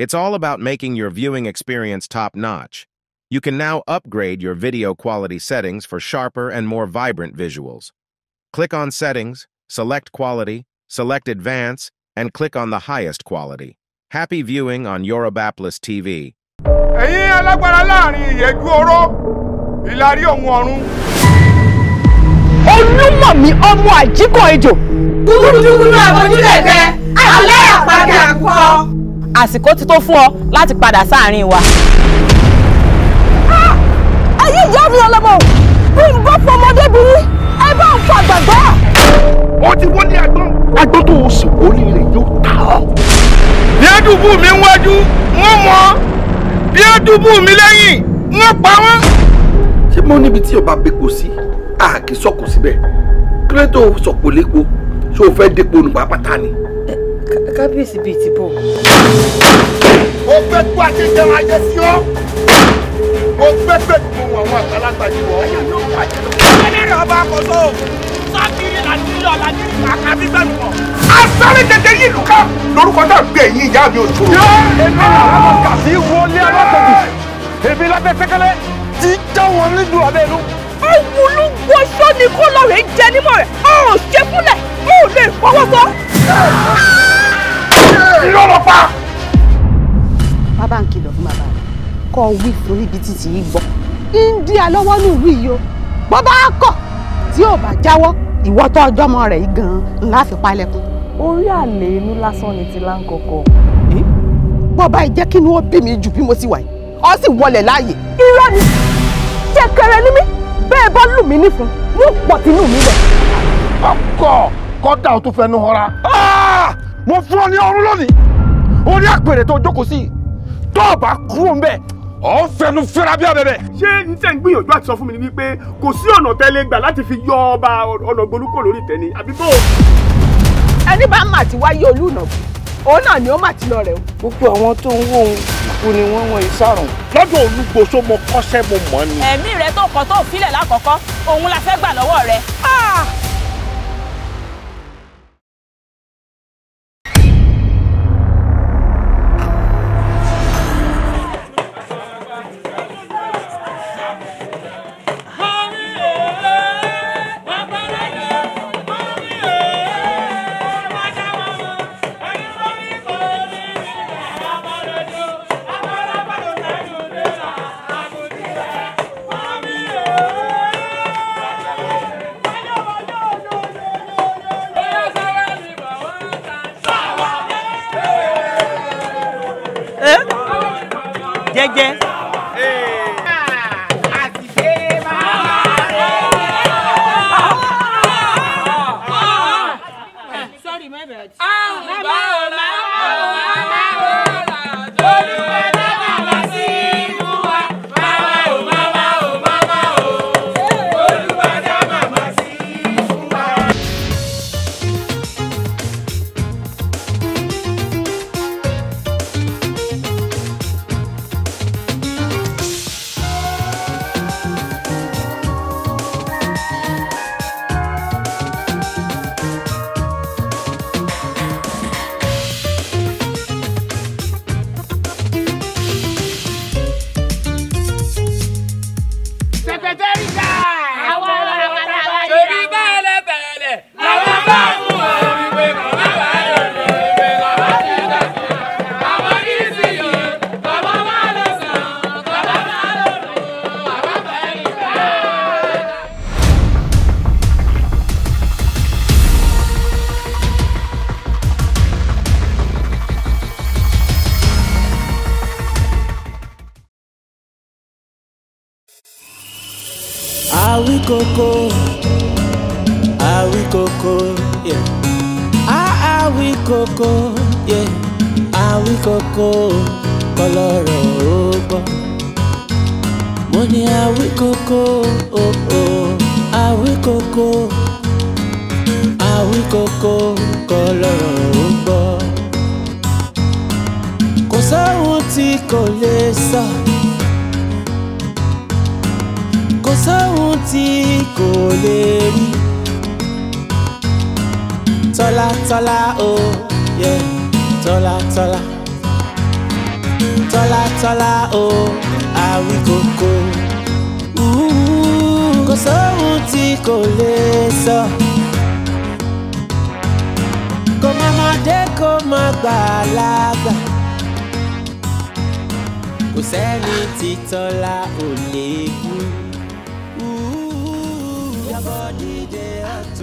It's all about making your viewing experience top-notch. You can now upgrade your video quality settings for sharper and more vibrant visuals. Click on Settings, select Quality, select Advance, and click on the highest quality. Happy viewing on Yorubapolis TV. àsìkò ti tó fún ọ láti padà sáàrin wa. Ah! ẹ̀yin ìyá mi ọlọ́mọ bí n bọ́ fún ọmọdébìnrin ẹ bá ń fa àgbàgbà. ó ti wọlé agbọ́n agbọ́n tó o sì wọlé rẹ̀ yóò ta ọ́. bí ẹdùbù mi ń wájú wọ́n mọ̀ ọ́ bí ẹdùbù mi lẹ́yìn wọ́n pa wọ́n. ṣé mo níbi tí ọba bẹ́ẹ̀ kò sí àkè sọ̀kò síbẹ̀ kí tó sọ̀kò lépo ṣé o fẹ́ dépò olùpàpàtà ni kábíyèsí bíi ti bò. mo fẹ́ kó àṣejẹun ayé sí ọ́ mo fẹ́ pé gbogbo àwọn àgbàlagbà yìí wọ̀ ọ́yà yóò bàjẹ́. ẹlẹ́rìí ọba àkọ́tọ̀ sákìrì làdí lọ làdí àkàbí bẹ́ẹ̀ mọ̀. asáré tètè yìí lù lórúkọ náà gbé yín ìyá mi òjò. èmi làwọn kàbí wọlé alákòjì èmi lábẹ́ sẹ́kẹ́lẹ́ ti já wọn nílùú abẹ́lú. awolowóṣọ ni kó lọ rè jẹ nímọ̀ rẹ̀ ọ̀ ṣẹ́kúnlẹ̀ ó lè fọwọ́ bọ́ irọ́ lọ pa. bàbá ń kìlọ̀ fún bàbá rẹ̀ kọ́ wí fún níbi títí yìí gbọ́ india lọ́wọ́ ní ìlú yìí o bó bá kọ̀ tí ò bá jáwọ́ ìwọ tó ọjọ́ ọmọ rẹ̀ yìí gan-an ńlá fi palẹ̀kùn. orí àlè inú lásán ni ti láǹkọ̀kọ̀. bó bá jẹ́ kí ni ó bí mi jù bí mo ti wà yìí ọ sì wọlé láàyè. irọ́ ni jẹkẹrẹ ní mí bẹ́ẹ̀ bá lù mí nífun wọ́n pọ̀ tínú mi lọ. ọkọ̀ kọ́dà ó tún fẹnu họra. Ah! mo fún ọ ní ọrún lónìí orí àpèrè tó jókòó sí tó o bá kúrò ńbẹ ọ ń fẹnu fẹ́ra bí abẹ́bẹ́. ṣé n tẹ́ ń gbìyànjú àti sọ fún mi ni wípé kò sí ọ̀nà tẹ́lẹ̀ gbà láti fi yọ ọba ọ̀nà gbolúkọ lórí ìtẹ́ ni àbí bó. ẹni bá mà ti wáyé olúùnà òun náà ni ó mà ti lọ rẹ o. gbogbo àwọn tó ń wò ó kú ni wọ́n wọ́n ìsàrùn. lọ́dọ̀ olúgbòso mo kọ́ṣẹ́ mo mọ̀ ni. ẹ̀mí rẹ tó kọ tó filẹ̀ lákọ̀ọ́kọ́ òun la fẹ́ gbà lọ́wọ́ rẹ. Ah! tọ́lá tọ́lá tọ́lá o àwí kòkó kò sóhun tí kò lè sọ kò má mọdé kò má gbàlagbà kò sẹ́ni tí tọ́lá ò lè kú. Your body dey hot,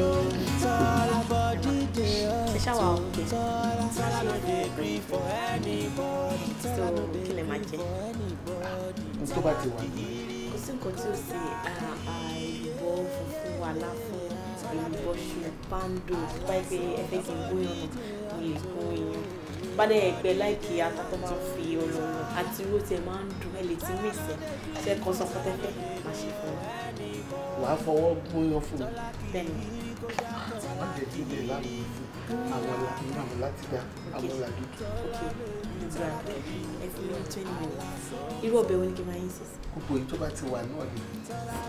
Tola body dey hot so kí lè máa jẹ. tó bá ti wà. kó sì nǹkan tí ó ṣe àìbọ̀ funfun wà láfún ìbọ̀ ṣù pando pàìpẹ́ ẹ̀fẹ́ kì í gbóyàn mo lè kó èèyàn bàdé ẹgbẹ́ láìkí atakọ́ máa ń fi ọ̀rọ̀ lọ àti irú tiẹ̀ máa ń dùn ẹ̀ lè ti mí ìsẹ̀ ṣe kọ́ sọ pẹ́tẹ́pẹ́ má ṣe fún wa. wàá fọwọ́ gbóyàn fún mi. bẹ́ẹ̀ni. má jẹ́ kí ilé lánàá fún àwọn ọ̀la inú àwọn láti dá àwọn ọ̀la dúdú. irú ọbẹ̀ wo ni kí n máa yín sísè. gbogbo èyí tó bá ti wà náà lè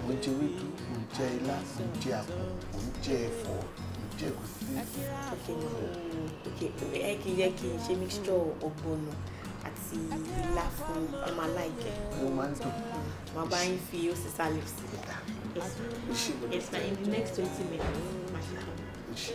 mo jẹ ewédú mo jẹ ilá mo jẹ àpò mo jẹ ẹ̀fọ́ mo jẹ ẹ̀gúsí. ẹ kì í yẹ kí n ṣe mixture ọ̀gbọ̀nọ̀ àti ilá fún ẹ máa láìkẹ́. mo máa ń dùn. màá bá yín fi ó sì sálẹ̀ sí i. yes ma in the next twenty minutes.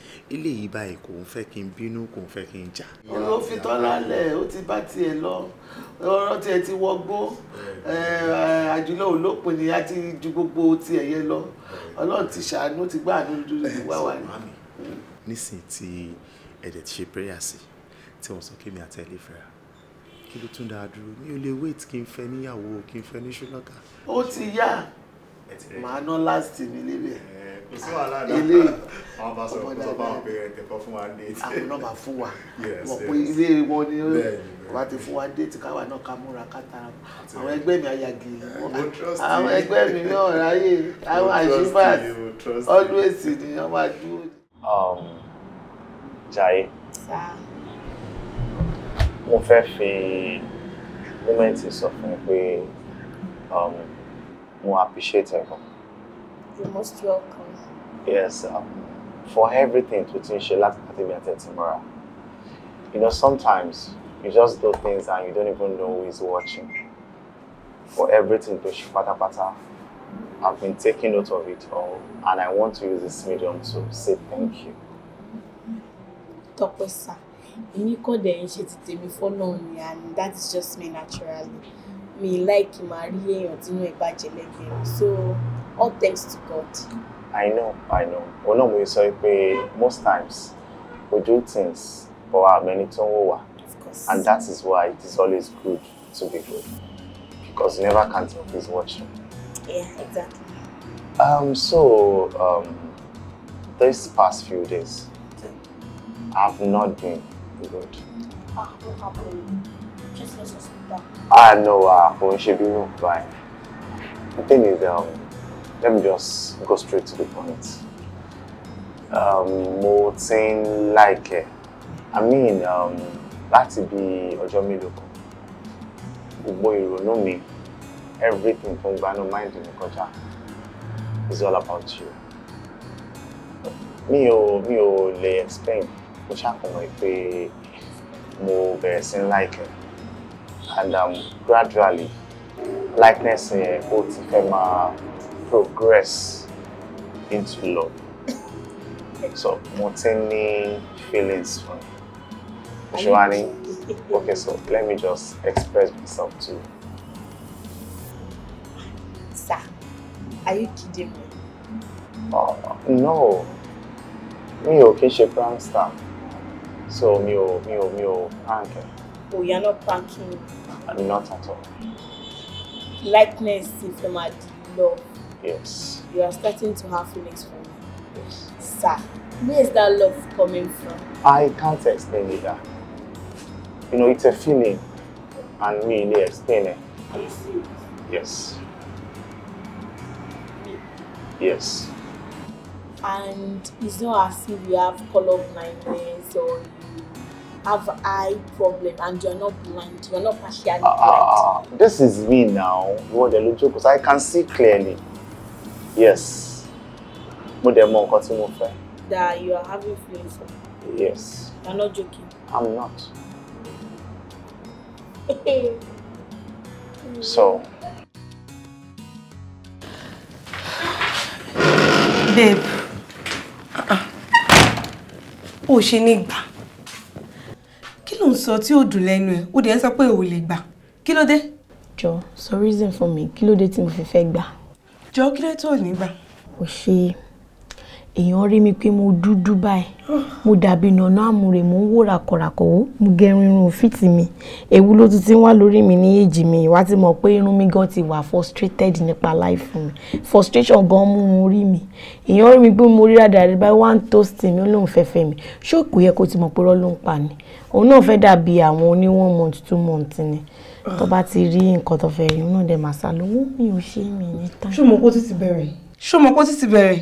eléyìí báyìí kò ń fẹ́ kí n bínú kò ń fẹ́ kí n jà. olófin tọ́lá lẹ̀ ó ti bá tiẹ̀ lọ ọ̀rọ̀ tiẹ̀ ti wọgbó eh, àjùlọ olópin ni a ti ju gbogbo tiẹ̀ yẹn lọ ọlọ́run ti ṣàánú ti gbá àánú dúdú ìwá wa ni. nísìnyí tí ẹ̀dẹ̀ ti ṣe prayer sí tí wọ́n sọ kí mi àtẹ̀lé fẹ́ra kí ló tún dáa dúró mi ò lè wait kí n fẹ́ níyàwó kí n fẹ́ ní ṣúlọ́kà. ó ti yá màá ná last mi níbẹ̀. Eh, ilé ọmọdé ah, àwọn náà máa fún wa mọ̀ pé ilé wọn ni wọ́n ti fún wa déètì káwa náà ká múra ká tara àwọn ẹgbẹ́ mi ayagi àwọn ẹgbẹ́ mi náà ráyè àwọn àṣìbàt always ni wọ́n máa dúró. Um, Jaiye mo fẹ́ fi mọ́mẹ́ǹtì sọ fún pé um, mo appreciate ẹ̀ gan. you most welcome. Yes, um, for everything to teach you last activity at You know, sometimes you just do things and you don't even know who is watching. For everything to Shipata Pata, I've been taking note of it all and I want to use this medium to say thank you. Tọ́pẹ́ sá, èmi kọ́ dẹ̀ ń ṣe ti tèmi fọ́nà ni and that is just me naturally. Me like máa rí èèyàn tí inú so all thanks to God. I know, I know. Òun náà mo yẹ sọ pé most times we do things for our many tó ń And that is why it is always good to be good. Because you never can tell who's watching. Yeah, exactly. Um, so, um, these past few days, okay. I've not been good. Ah, what happened? Just let's just stop. Ah, no, ah, uh, I won't be no fine. The thing is, um, let me just go straight to the point. Um, mo ti ń láìkẹ́ i mean um, láti bí ọjọ́ mélòó kan gbogbo ìrònú mi everything tó ń gbanú mind mi kọjá is all about you. mi ò mi ò lè explain mo ṣàkómọ̀ pé mo bẹ̀rẹ̀ sí ń láìkẹ́ and um, gradually likeness yẹn ó ti fẹ́ máa progress into love. so mo ti feelings fún Joanne. Okay, so let me just express myself to you. Sir, are you kidding me? Uh, no, Me okay kí prank stuff. so me, me, me, ò mi ò prank. Oh, you're not pranking me. not at all. Likeness is the mad love. Yes. You are starting to have feelings for me. Yes. Sir, where is that love coming from? I can't explain it. Either. You know, it's a feeling, and me, they explain it. Yes. Yes. And it's not as if you have color blindness or have eye problem and you're not blind, you're not partially blind. Uh, ah, ah, ah, this is me now, You want because I can see clearly. Yes. Mo dẹ̀ mọ nǹkan tí mo fẹ́. That you are having feelings for. Yes. You are not joking. I'm not. so. Babe. O ṣe ní gbà. Kí ló ń sọ tí ó dùn lẹ́nu ẹ̀? Ó dẹ̀ ń sọ pé ò lè gbà. Kí ló dé? Jọ, reason for me. Kí ló dé tí mo fi fẹ́ gbà? jọ kí lè tó nígbà. kò ṣe èèyàn rí mi pé mo dúdú báyìí mo dàbí nànà àmúre mo ń wò ràkọ̀ràkọ̀ wò mo gẹrun irun òfìtì mi ewu ló tún wá lórí mi ní èjì mi ìwà ti mọ̀ pé irun mi gan ti wà frustrated nípa life mi frustration gan mú un rí mi èèyàn rí mi pé mo rí rádàrí báyìí wá toast mi ó lóun fẹ́ fẹ́ mi ṣé òkú yẹ kó ti mọ̀ pé rọ́ ló ń pa ni òun náà fẹ́ dàbí àwọn oní one month two month ni tó bá ti rí nǹkan tó fẹ́ rí náà dẹ̀ máa sá lówó mi ò ṣe mí ní tán. ṣó mọ̀ kó ti ti bẹ̀rẹ̀. ṣó mọ̀ kó ti ti bẹ̀rẹ̀.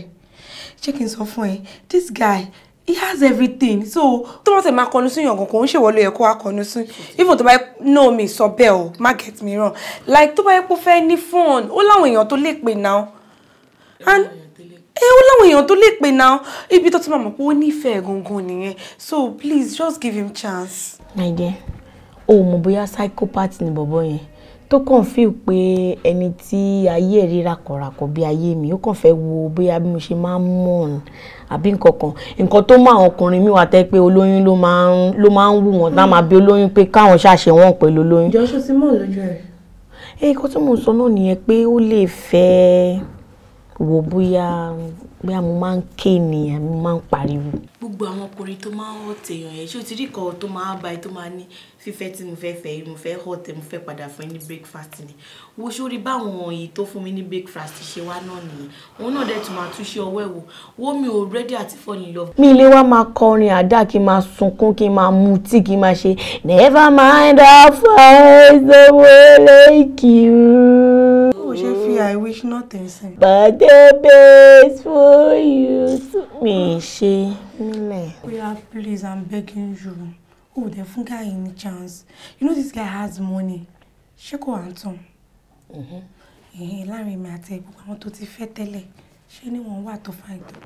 ṣé kí n sọ fún ẹ this guy he has everything so tó wọ́n ti máa kọnu sí yàngàn kò ń ṣèwọ́ ló yẹ kó even tó bá yẹ no mi sọ bẹ́ẹ̀ o má get me wrong like tó bá yẹ kó fẹ́ ní fóònù ó láwọn èèyàn tó lè pè náà and ẹ ó láwọn èèyàn tó lè pè náà ibi tó ti máa mọ̀ pé ó nífẹ̀ẹ́ gangan nìyẹn so please just give him chance. my dear Oh, ò mọ̀ bóyá psychopath ni bọ̀bọ̀ yẹn tó kàn fi pé ẹni tí ayé ẹ̀ rí rakọ̀rakọ̀ bí ayé mi ó kàn fẹ́ wo bóyá bí mo ṣe máa ń mọ̀ ọ́n àbí nǹkan kan nǹkan tó máa ọkùnrin mi wà tẹ́ pé olóyún ló máa ń ló máa ń wù wọ́n tá máa bí olóyún pé káwọn ṣàṣẹ wọn pẹ̀lú olóyún. jọ́sọ ti mọ̀ lójú ẹ̀. ẹ eh, nǹkan tí mo sọ náà nìyẹn pé ó lè fẹ́ wo bóyá bóyá mo máa ń ké ni àbí mo máa ń pariwo. gbogbo àwọn ọkùnrin tó máa ń wọ́tẹ̀yàn yẹn ṣé o ti rí kan tó máa ń ba ẹ tó máa ní fífẹ́ tí mo fẹ́ fẹ́ mo fẹ́ hot mo fẹ́ padà fún ní breakfast ni wo sórí báwọn yìí tó fún mi ní breakfast ṣe wá náà nìyẹn òun náà dẹ̀ tún máa túnṣe ọwọ́ ẹ̀ wò wo mi ò rẹ́dí àti fall in mi ilé wa máa kọrin àdá kí n máa sunkún kí n máa mutí kí n máa ṣe never mind how far the way like you. ó ṣe fi i wish nothing sin. but the best for you mi ṣe nílẹ̀. oya please i'm begging you o dẹ̀ fún guy any chance you know this guy has money ṣé kò wá ń tàn láàrin mi àti gbogbo àwọn tó ti fẹ́ tẹ́lẹ̀ ṣé ni wọ́n wà tó fà ìtàn.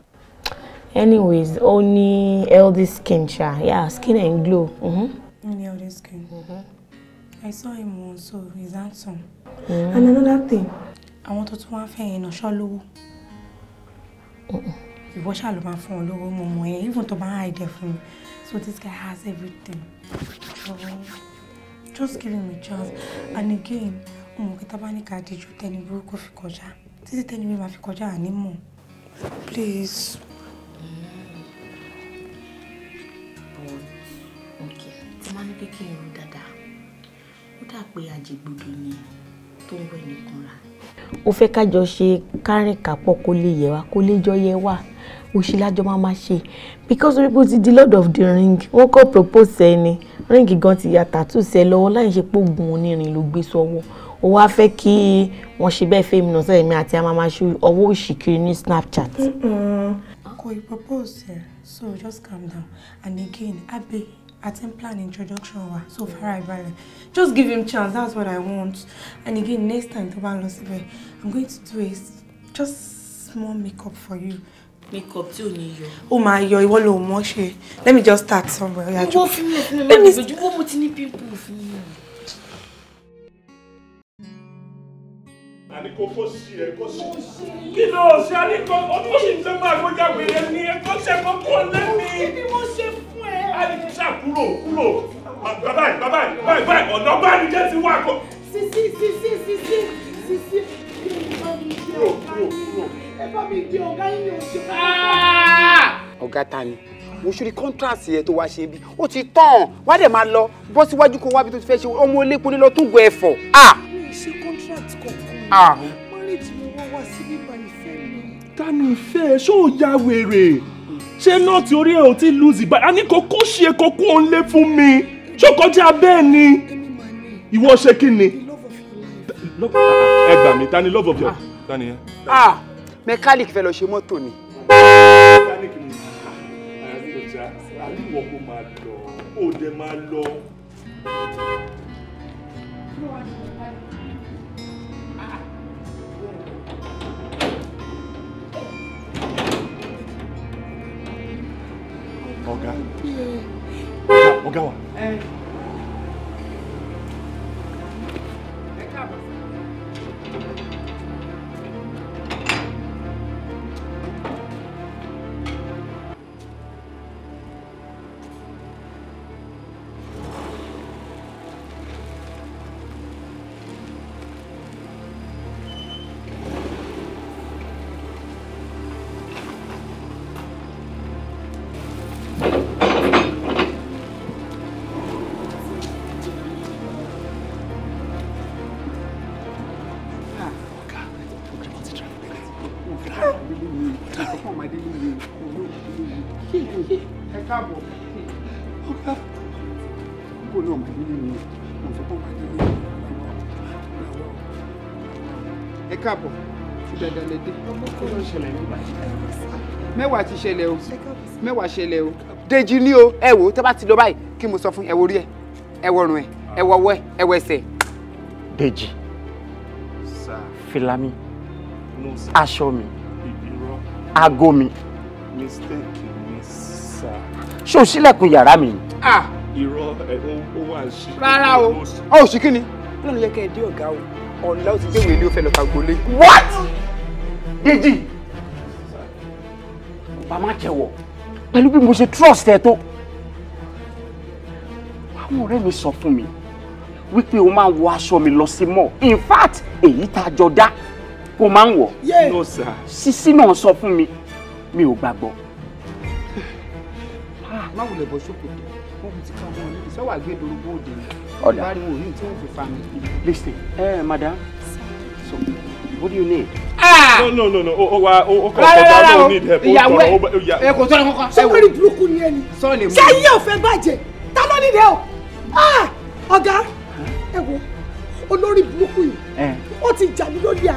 anyways only eldest skin ṣá yeah skin and glow. Mhm. hmm ní skin. Mhm. I saw him once so he's handsome. Mm-hmm. and another thing I want to wá fẹ́ yẹn náà ṣọ́ lówó ìwọ ṣáà ló máa fún ọ lówó mo mọ̀ yẹn even tó bá ń hide fún So this guy has everything. Oh, just give him a chance. And again, mo kí tábà ní ká díjú tẹni burúkú fi kọjá títí tẹni mi máa fi kọjá àní mọ̀. Please. Okay, tí máa ní kékeré irun dáadáa, ó dà pé àjẹgbòdo ni tó ń wẹ̀ nìkan ra. Ó fẹ́ ká jọ ṣe kárìnkà pọ̀ kó òṣì lájọ máa máa ṣe because orí bó ti di lord of the ring wọ́n kọ́ propose ẹni ríǹgì gan ti ya tàtú sí ẹ lọ́wọ́ láì ṣe pógun onírin ló gbé sọ́wọ́ ó wá fẹ́ kí wọ́n ṣe bẹ́ẹ̀ fẹ́mi náà sẹ́yìn mi àti àmàmà ṣe ọwọ́ òṣì kiri ní snapchat. kò ì propose ẹ so just calm down and again abe atin plan introduction wa so fara ìbàlẹ̀ just give him chance that's what i want and again next time tó bá lọ síbẹ̀ i'm going to do a just small makeup for you makeup tí ò ní yọ. ó máa yọ ìwọ ló mọ ṣe let me just start somewhere. ìwọ fún mi fún mi má dìbò jù mo ti ní pimple fún mi. àní kò kó sí ẹ kó sí. kí ló ṣe àní kò ó sì ń tẹ́ máa ni ẹ kó ṣe kó kó lẹ́mí. kí ni wọ́n ṣe fún ẹ. àní kò ṣáà kúrò kúrò bàbá ẹ bàbá ẹ bàbá ẹ ọ̀dọ́ bá ti wà kó. sí sí sí sí sí sí sí sí kí ni ẹ bá mi di ọ̀gá yín ní oṣù ah! ọ̀gá ta ni mo ṣe rí kọ́ńtrasì ẹ̀ tó wá ṣe bí ó ti tán wá dẹ̀ máa lọ bọ́ síwájú kó wá bí tó ti fẹ́ ṣe ọmọ elépo ní lọ tún gbọ ẹ̀fọ́. Ah! mi ì ṣe kọ́ńtrasì kankan ah! marriage mo wá wá sí bíbá ìfẹ́ mi. ta ni ìfẹ́ ẹ ṣó o ya wèrè ṣé náà tí orí ẹ ò tí lùzì báyìí a ní kò ṣe kó kó lé fún mi ṣó kọjá bẹ́ẹ̀ ni ìwọ ṣe kí ni. ẹ gbà mí ta love of your ta ni mẹkáníìkì fẹ́ lọ ṣe mọ́tò ni. mẹkáníìkì ni àyàjọjà ah, àríwọ̀ kó káàbọ̀ ṣùgbọ́n ẹ̀dá lè dé. mẹ́wàá ti ṣẹlẹ̀ o mẹ́wàá ṣẹlẹ̀ o. Dèjì ni o ẹ wò ó tẹ́ bá ti lọ báyìí kí mo sọ fún ẹ wo orí ẹ ẹ wọ ọrùn ẹ ẹ wọ ọwọ́ ẹ ẹ wọ ẹsẹ̀. Dèjì fìlà mi aṣọ mi aago mi ṣé o ṣílẹ̀kùn yàrá mi. Ah! irọ́ ẹ̀ ó wà ṣí. rárá o ọ̀ ṣì kí ni. lọ́nà yẹ kẹ́ ẹ dé o ọ̀la ó ti gbé ìwé ilé ó fẹ́ lọ ta gbolé. what Deji bá má jẹ́wọ́ pẹ̀lú bí mo ṣe trust ẹ tó àwọn ọ̀rẹ́ mi sọ fún mi wípé o máa ń wọ aṣọ mi lọ sí mọ́ in fact èyí tá a jọ dá o máa ń wọ̀ no sir Sisi náà sọ fún mi mi ò gbàgbọ́. Ah, máa wulẹ̀ bọ́ sókòtò wọ́n ti ká wọn ní ìṣẹ́wàá gbé dorúkọ òde ni ọ̀dà. báriwo yìí listen eh, madam so what do you need. Ah! no no no no Oh, oh, oh, oh. ọkọ bá lóun need help oh, oh, oh. Oh, oh, oh, oh. tọrọ kankan. sọwọ́n burúkú ni ẹ ni. Oh, oh, oh, ṣé ayé ò Oh, oh, oh, ló ní dẹ́ Oh, oh, oh, wo olórí burúkú Oh, oh, oh, jà mí lólè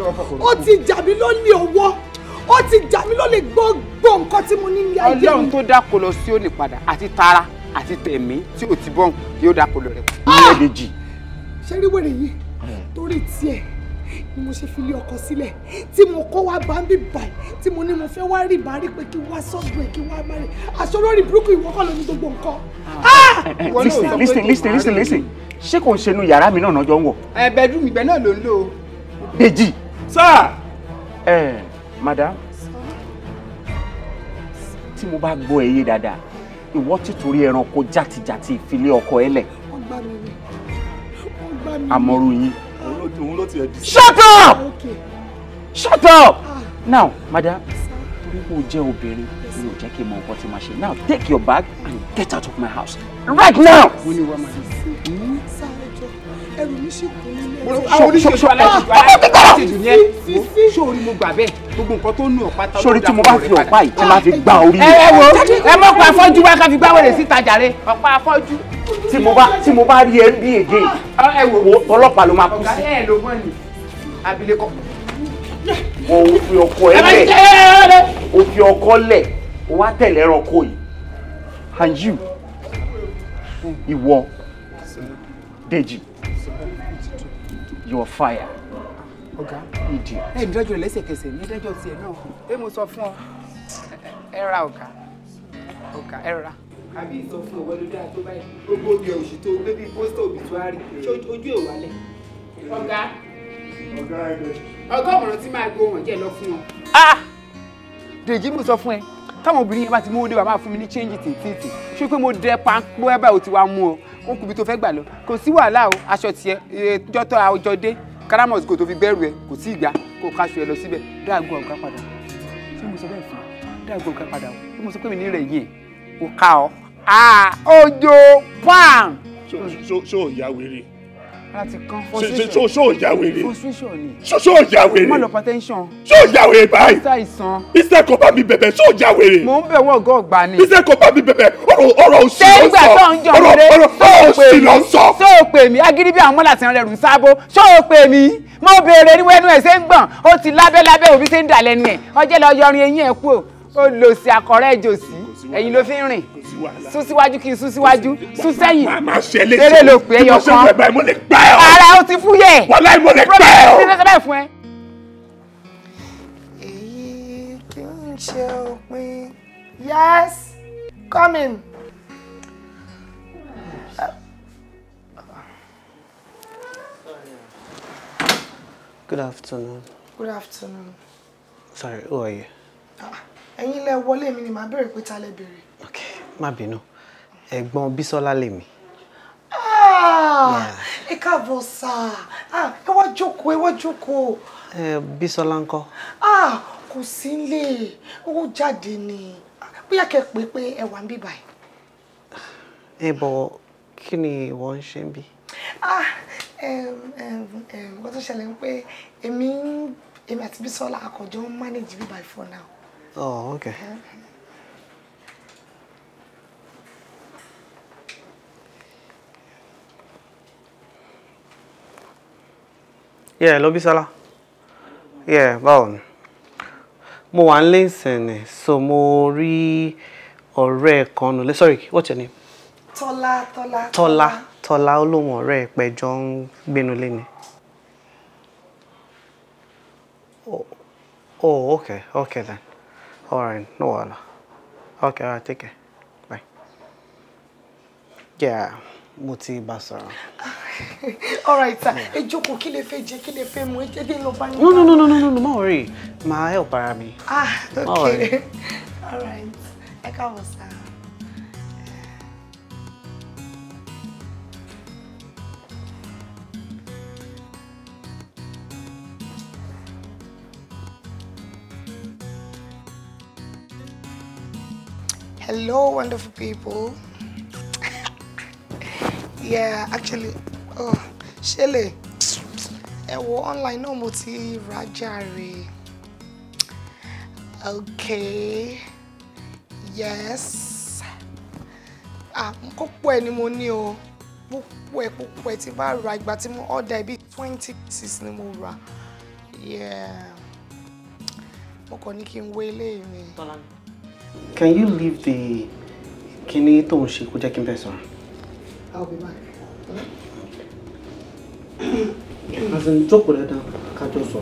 Oh, oh, oh, jà mí lólè Oh, ó ti jà mí lólè gbogbo nǹkan tí mo ní ní ayé mi. ọlọ́run tó dá kò lọ sí òní padà àti tara àti tẹ̀mí tí ò ti bọ́n yóò dápolọ rẹ̀ ní ẹ̀ẹ́dẹ̀jì. ṣé rí wèrè yìí eh. torí tiẹ̀ ni mo ṣe fi lé ọkọ sílẹ̀ tí mo kọ́ wá bá ń bì báyìí tí mo ní mo fẹ́ wá rí ìbárí pé kí wá sọ́dún ẹ̀ kí wá má rí àṣọrọ́ rí burúkú ìwọ kọ́ ló ní gbogbo nǹkan. Ah! Ah! listen listen listen listen listen ṣé kò ń ṣe inú yàrá mi náà lọ́jọ́ ń wọ̀. ẹ bẹẹdúmù ibẹ̀ náà ló ń lò ó. Dèjì. Sir. ẹ eh, madam tí mo bá gbọ́ ẹ yé dáadáa ìwọ tìtorí ẹranko játijàti ìfilé ọkọ ẹ àmọ́rú yín. shut up shut up ah. now madam torí pé o jẹ́ obìnrin mi ò jẹ́ kí n mọ nǹkan tí màá ṣe now take your bag and get out of my house right now. wọ́n ní wàá máa ṣe sí i ẹrù mi sì kú nílé. àwọn oníṣègùn aláìsègùn tí mo bá fi ọ̀pá yìí tí ah, máa fi gba orí rẹ̀. ẹ wo ẹ mọ̀ pé afọ́jú wá ká fi gbá wẹ̀rẹ̀ síta jàre ọ̀pá afọ́jú. tí mo bá tí mo bá rí ẹ bí èdè ah. ah, ẹ wò ọlọ́pàá ló máa kú sí. wọ́n ò fi ọkọ ẹ lẹ̀ ò fi ọkọ lẹ̀ ò wá tẹ̀lé ẹranko yìí and you ìwọ Dèjì Your fire, fired. ọ̀gá ẹ ìdájọ́ lẹ́sẹ̀kẹsẹ̀ ní ìdájọ́ tiẹ̀ náà ẹ mo sọ fún ọ ẹ ra ọ̀gá ọ̀gá ẹ ra. àbí ìsọfún ọwọ́ ló dáa tó báyìí gbogbo obì òṣì tó bébí pósítà òbí tó á rí ojú ẹ̀ wálẹ̀. ọ̀gá ọ̀gá ẹgbẹ́. ọ̀gá ọ̀mọ̀ràn tí máa gbóhùn jẹ́ lọ fún wọn. Ah! dèjì mo sọ fún ẹ táwọn obìnrin yẹn bá ti mú owó dé wàá máa fún mi ní chẹ́ńjì tètè ṣé pé mo dẹ pápó báyìí ó ti wá mú ọ ó tó fẹ́ gbà lọ kò sí wàhálà o aṣọ tiẹ̀ jọ́tọ̀ e, àwùjọ dé karamos kò tó fi gbẹ́rù ẹ kò tí ì gbà kó kaṣu ẹ lọ síbẹ̀ dáàgó ọ̀gá padà ṣé mo sọ bẹ́ẹ̀ fún un dáàgó ọ̀gá padà o ṣé mo sọ pé mi ní rẹ̀ yé o ká ọ. ojo pan, so so so ìyá wèrè láti kán. ṣo ṣo ìyàwèrè. frustration ni. ṣo ṣo ìyàwèrè. mo lọ potential. ṣo ìyàwèrè báyìí. mr isan. mr kò bá mi bẹ̀bẹ̀ ṣo ìyàwèrè. mò ń bẹ̀wọ̀ ọ̀gá ọ̀gbà ni. mr kò bá mi bẹ̀bẹ̀ ọ̀rọ̀ ọ̀rọ̀ òsì ló ń sọ. ọ̀rọ̀ ọ̀rọ̀ òsì ló ń sọ. ṣó o pè mí agídí bí àwọn mọ́lá ti rán rẹ̀ rùn sábó ṣó o pè mí mo béèrè níwọ̀ ẹnu ẹ̀ ṣe ń gbọ̀n ó ti lábẹ́ lábẹ́ òbí ṣe ń dà lẹ́nu ẹ̀ ọjọ́ lọ yọrin eyín ẹ̀ kú o lòsì àkọ́rẹ́ ìjòsí ẹ̀yìn ló fi ń rìn sún síwájú kí n sún síwájú sún sẹ́yìn eré ló pè é yọ kan ara ó ti fúyẹ́ wàláì mo lè pẹ́ ọ́. èyí kì í ṣe òpin yes coming. Good afternoon. Good afternoon. Sorry, who are you? Ah, ẹ̀yin lẹ wọlé mi ni màá béèrè pé ta lẹ béèrè. Okay má bínú ẹ̀gbọ́n Bísọ́lá lèmi. Ah! ẹ káàbọ̀ sá ah, ẹ wá jókòó ẹ wá jókòó. Bísọ́lá ńkọ́. Ah, kò sí nílé owó jáde ni bóyá kẹ pé pé ẹ wà ń bí báyìí. ẹ bọ̀ kí ni ìwọ ń ṣe ń bí. nǹkan tó ṣẹlẹ̀ ń pé èmi èmi àti Bísọ́lá àkànjọ ń manage bí báyìí for now. oh okay. Uh -huh. Yeah, Lobisola. Yeah, báwo ni? Mo wà nílé ni, so mo rí ọ̀rẹ́ kan nulẹ̀. Sorry, what's your name? Tola, Tola. Tola, Tola. olóhùn ọ̀rẹ́ ẹ̀ pẹ̀jọ ń gbénu lé ni. Oh, oh, okay, okay then. All right, no wahala. Okay, all right, take care. Bye. Yeah mo ti bá sọ̀rọ̀. all right sir ẹ jókòó kí lè fẹ́ jẹ kí lè fẹ́ mu ẹ jẹ́jẹ́ lọ bá yín. no no no no no no má worry máa help ara mi. ah okay all right ẹ káàbọ̀ sá. Eh. Hello, wonderful people yeah actually oh ṣẹlẹ̀ ẹ wo online náà mo ti rà jàre okay yes ah púpọ̀ ẹ ni mo ní o púpọ̀ ẹ púpọ̀ ẹ ti bá ra ìgbà tí mo order bíi twenty six ni mo ra. yeah mo kàn ní kí n wé eléyìí ni. Can you leave the kíní tó ń ṣe kó jẹ́ kí n bẹ̀ sọ̀rọ̀? I'll be back. As in, jókòó lẹ́dá kájọ sọ.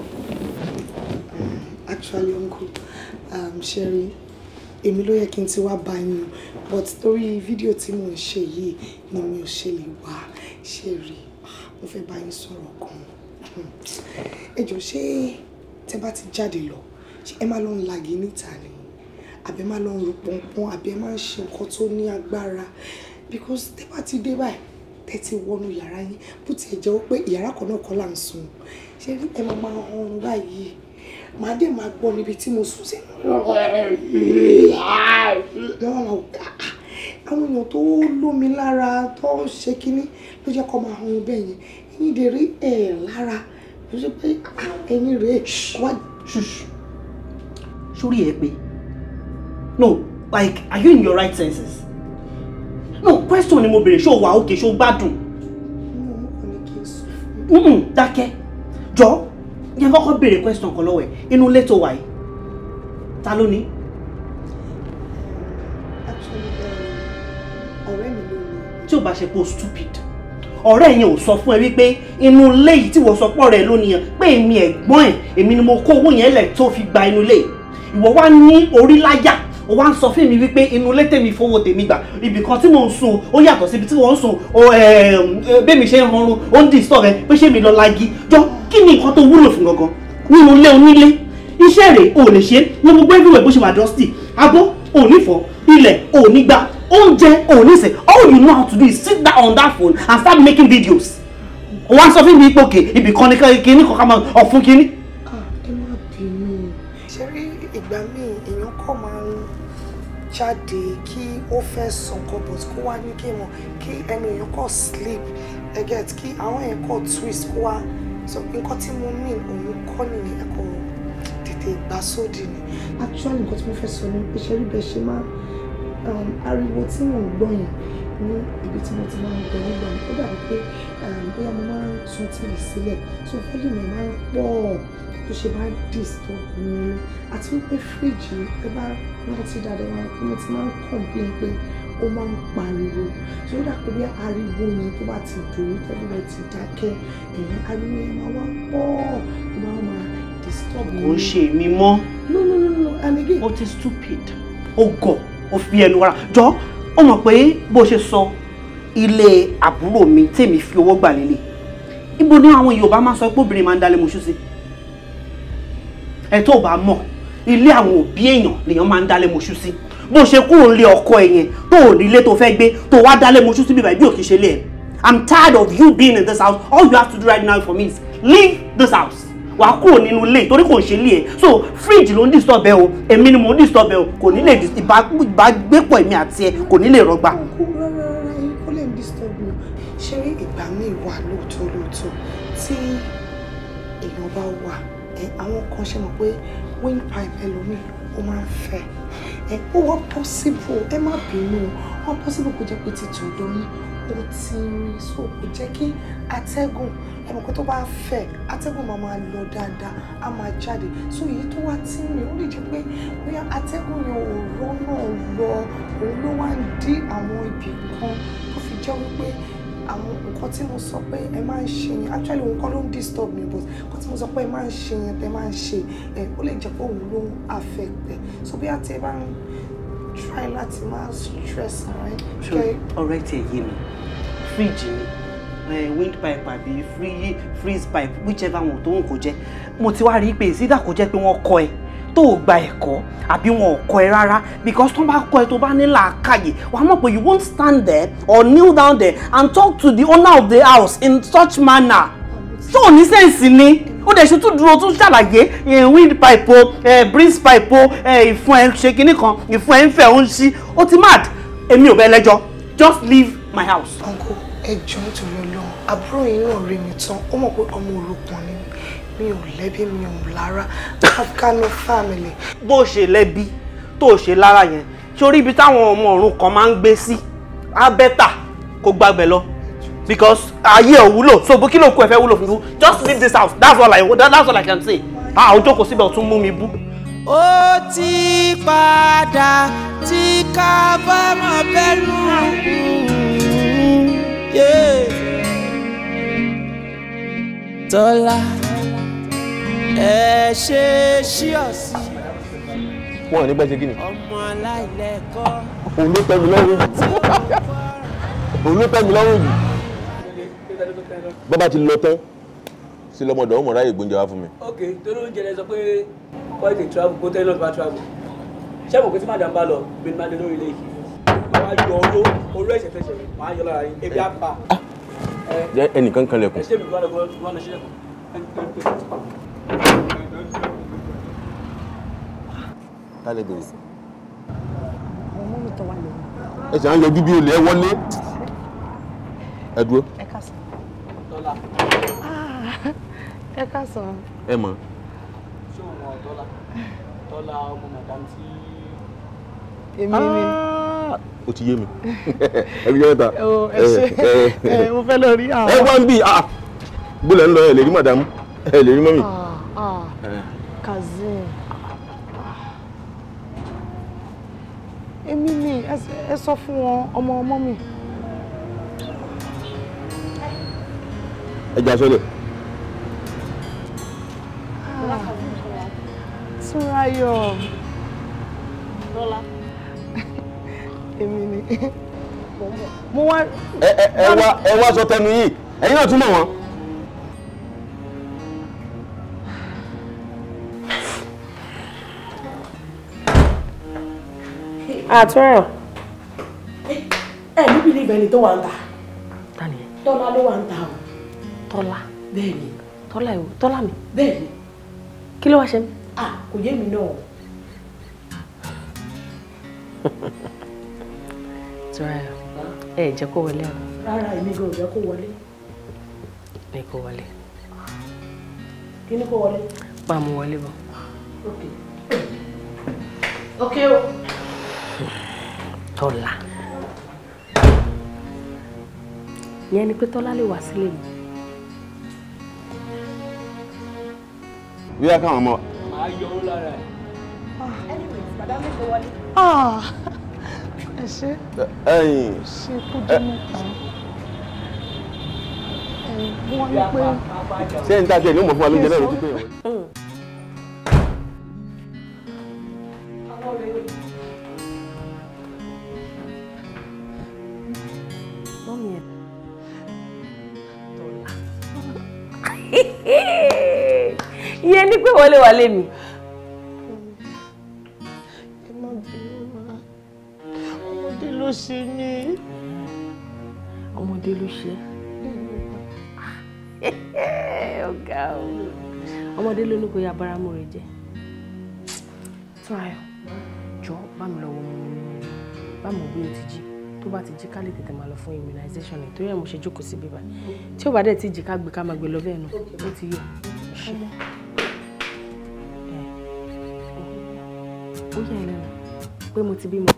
Actually, uncle, um, Sherry, I'm ló yẹ to n ti wá but torí video team mò ń ṣe yìí ni mi ò ṣe lè wá Sherry mo fẹ́ bá yín sọ̀rọ̀ kan. Ẹ jọ̀ọ́ ṣé tẹ bá ti jáde lọ ṣé ẹ máa lagi ni àbẹ máa lọ ń ro pọnpọn àbẹ máa ń ṣe because tẹ́ bá ti dé báyìí tẹ́ ti wọnú yàrá yín bó tiẹ̀ jẹ́ pé yàrá kan náà kọ́ là ń sùn ṣé rí ẹ máa máa ọrùn báyìí màá dé máa gbọ́ níbi tí mo sùn sí. àwọn èèyàn tó lómi lára tó ń ṣe kínní ló jẹ́ kó máa ọrùn bẹ́ẹ̀ yẹn ẹ̀yin dè rí ẹ̀ lára ló ṣe pé ah, ẹ̀yin rèé wá. sórí ẹ pé no like are you in your right senses no question ni mo béèrè ṣé o wà òkè ṣé o gbádùn. dákẹ́ jọ yẹn kọ́kọ́ béèrè question kan lọ́wọ́ ẹ̀ inú ilé tó wà yìí ta um, ló ní. tí o bá ṣe pé o stupid ọ̀rẹ́ yẹn ò sọ fún ẹ wípé inú ilé yìí tí wọ́n sọ pọ̀ rẹ̀ lónìí yẹn pé èmi ẹ̀gbọ́n ẹ̀ èmi ni mo kó owó yẹn lẹ̀ tó fi gba inú ilé ìwọ wá ní orí láyà o wá ń sọ fún mi wípé inú ilé tèmi fowó tèmi gbà ibì kan tí mò ń sùn ó yàtọ̀ síbi tí wọ́n ń sùn ó eh, eh, bẹ́ẹ̀mi ṣe ń rọrùn ó ń disturb ẹ pé ṣé mi lọ lagi jọ kí ni nǹkan tó wúlò fún gangan nínú ilé onílé iṣẹ́ rẹ̀ ò lè ṣe ní gbogbo everywhere bó ṣe wà dusty abọ́ ò ní fọ ilẹ̀ ò ní gbá oúnjẹ ò ní sè all you know how to do is sit down on that phone and start making videos wọ́n á sọ fún mi pé òkè ibì kan ní kíní kan ká máa ọ̀fun kíní jáde kí ó fẹ́ sọ but kó wá ní kí mọ̀ kí ẹnu èèyàn kọ̀ sleep ẹ get kí àwọn èèyàn kọ̀ twist kó wá sọ nǹkan tí mo ní òun kọ́ nìyẹn ẹ tètè gbà sódì ni. actually nǹkan tí mo fẹ́ sọ ni pé ṣe ṣe máa um, ariwo tí mò ń gbọ́ yẹn ní ibi tí mo ti máa ń gbọ́ nígbà yẹn ó dàbí pé um, bóyá mo máa ń tún tìrì sílẹ̀ so fọ́lì mi máa ń pọ̀ tó ṣe bá disturb mi ni àti wípé fíríjì ẹ bá rántí dáadáa máa pé mo ti máa ń complain pé ó máa ń pariwo tí ó dà pé bí ariwo yẹn tó bá ti dòwú tẹ́lẹ̀ rẹ̀ ti dákẹ́ ẹ̀yìn ariwo yẹn máa wá pọ̀ ó máa máa disturb mi. kò ń ṣe èmi mọ́. no no no no and again. o ti stupid o gọ̀ o fi ẹnu ara jọ ó mọ̀ pé bó ṣe sọ ilé àbúrò mi tèmi fi owó gbà lélẹ̀ ibo ni àwọn Yorùbá máa sọ pé obìnrin máa ń dalẹ̀ mọ́ṣú ẹ tó bá mọ̀ ilé àwọn òbí èèyàn lèèyàn máa ń dálé moṣú sí bó ṣe kúrò lé ọkọ ẹ tó ò nílé tó fẹ́ gbé tó wá dálé moṣú sí bíbá ìbí òkè ṣe ẹ i'm tired of you being in this house all you have to do right now for me is leave this house wàá kúrò nínú ilé torí kò ń ṣe ilé ẹ so fridge ló ń disturb ẹ o èmi ni mo ń disturb ẹ o kò ní lè ìbágbépọ̀ èmi àti ẹ kò ní lè rọgbà. kò lè disturb mi ṣé ìgbà mi wà lóòótọ́ lóòótọ́ tí èèyàn bá wọ àwọn kan ṣe mọ̀ pé windpipe ẹlòmíì ó máa ń fẹ́ ẹ ó wọ́n possible ẹ má bínú wọ́n possible kò jẹ́ pé ti tọ̀dọ̀ yín ó ti rin so kò jẹ́ kí atẹ́gùn ẹ̀mọ̀ pé tó bá fẹ́ atẹ́gùn máa máa lọ dáadáa á máa jáde so èyí tó wá tí mi ó lè jẹ́ pé bóyá atẹ́gùn yẹn ò rọ́nà lọ òun ló wá ń dí àwọn ibì kan tó fi jẹ́ wípé àwọn nǹkan tí mo sọ pé ẹ máa ń ṣe yẹn actually òun kọ́ ló ń disturb me but nǹkan tí mo sọ pé ẹ máa ń ṣe yẹn tẹ máa ń ṣe ẹ ó lè jẹ́ pé òun ló ń affect ẹ so bí àti ẹ bá ń try láti máa stress ara ẹ. ṣé ọ̀rẹ́ tiẹ̀ yé mi fíríjì mi windpipe àbí freeze pipe whichever one tó ń kó jẹ́ mo ti wá rí i pé ìsídà kó jẹ́ pé wọ́n kọ́ ẹ tó o gba ẹ̀kọ́ àbí wọn ò kọ́ ẹ rárá because tó bá kọ́ ẹ tó bá ní làákàyè wà á mọ̀ pé you won't stand there or kneel down there and talk to the owner of the house in such manner ṣé ò ní sẹ́ǹsì ni ó dẹ̀ ṣe tún dúró tún ṣàlàyé eh, wind pipe o eh, breeze pipe o eh, ìfún ẹ ṣe kinní kan ìfún ẹ ń fẹ̀ ń ṣí ó ti mad èmi ò bẹ lẹ́jọ́ just leave my house. uncle ẹ jọ̀ọ́ nítorí Ọlọ́run àbúrò yìí náà rí mi tán ó mọ̀ pé ọmọ òrukàn ni mi ò lẹ́bí mi ò lára I've got no family. bó ṣe lẹ́bí tó ṣe lára yẹn sórí ibi táwọn ọmọ ọ̀run kan máa ń gbé sí á bẹ́tà gbàgbẹ́ lọ because ayé ò wúlò so bó kí ló kú ẹ fẹ́ wúlò fún just leave this house that's all I that's all I can say àwọn jókòó síbẹ̀ ó tún mú mi bú. ó ti padà tí kábàámọ̀ Yeah. tọ́lá ẹ ṣe ṣí ọ̀sìn. wọn ò ní bẹ́ẹ̀ ṣe kí ni. ọmọ aláìlẹ́kọ́. òun ló tẹ́ mi lọ́rùn jù òun ló tẹ́ mi lọ́rùn jù. bàbá ti lọ tán sí lọ́mọdọ̀ ọmọ ráyè gbóúnjẹ wá fún mi. ok torí oúnjẹ rẹ sọ pé wọ́n ti travel kó tẹ́lẹ̀ náà bá travel ṣé mo kò tí màdàm bá lọ bí mo máa lé lórí ilé yìí wọ́n á yọ oró oró máa yọ lára ebi á pa. Ah! ẹnìkan kan lẹ̀kùn. ẹ ṣé mi kọ́ ọ́ lọ́kọ́ wọn tálẹ́bù yìí. àwọn ọmọ mi tọ́ wa lọ. ẹ ṣe à ń yọjú bí olè ẹ wọlé ẹ dúró. ẹ ká sàn. dọ́là. Ah, ẹ ká sàn. ẹ mọ̀. ṣé òun ọ̀ ọmọ màdàm tí. èmi ni. Ah, o ti yé mi ẹbí yẹn ta. ẹ ṣe mo fẹ́ lọ rí àwọn. ẹ wá ń bì gbọ́dọ̀ ah, ń lọ ẹ lè rí màdàm ẹ lè rí mọ́mì. Ah, Kazeem. Èmi ni ẹ sọ fún wọn ọmọ ọmọ mi. Ẹ jà sọ́lẹ̀. Túnráyọ̀. Ah, Lọ́lá. Èmi ni. Mo wá. Ẹ wá sọ tẹnu yìí, ẹ̀yin náà tún mọ̀ wọ́n. àtúrọ̀. ẹ ní bílíìfù ẹni tó wà ń ta. tani. tọ́lá ló wà ń Tola o. Tola bẹ́ẹ̀ni. tọ́lá ìwò tọ́lá mi. bẹ́ẹ̀ni. kí ló wá ṣe mí. a ah, kò yé mi náà. tura eh, ẹ jẹ́ kó wọlé o. rárá èmi gan ò jẹ́ kó wọlé. ní kó wọlé. kí ni kó ok ok Okay. Tọ́lá ìyẹn ni pé Tọ́lá lè wá sílé mi. bóyá káwọn ọmọ. màá yọ owó lára ẹ. bàdámù ṣe wọlé. Ah, ẹ ṣe. ẹyìn. ṣe kó jẹ́ mẹ́ta. wọ́n ní pé. ṣé n ta tiẹ̀ ní mọ̀ fún wa lóúnjẹ náà ló ti pè é. ìyẹn ní pé wọlé wọlé mi. ẹ má bínú wa ọmọdé ló ṣe mí. ọmọdé ló ṣe ọ̀gá o ọmọdé ló ní kò yá abáramọ rẹ jẹ Táyọ̀ jọ bá mi lọ wọ ọmọ mi bá mi gbé ti jí tó bá ti jí ká lè tètè máa lọ fún immunization ẹ̀ torí ẹ̀ mo ṣe jókòó sí bíbá tí ó bá dẹ̀ ti jí ká gbé ká máa gbé lọ bẹ́ẹ̀ nù ó ti yẹ. ó yà lẹ́nu pé mo ti bímọ.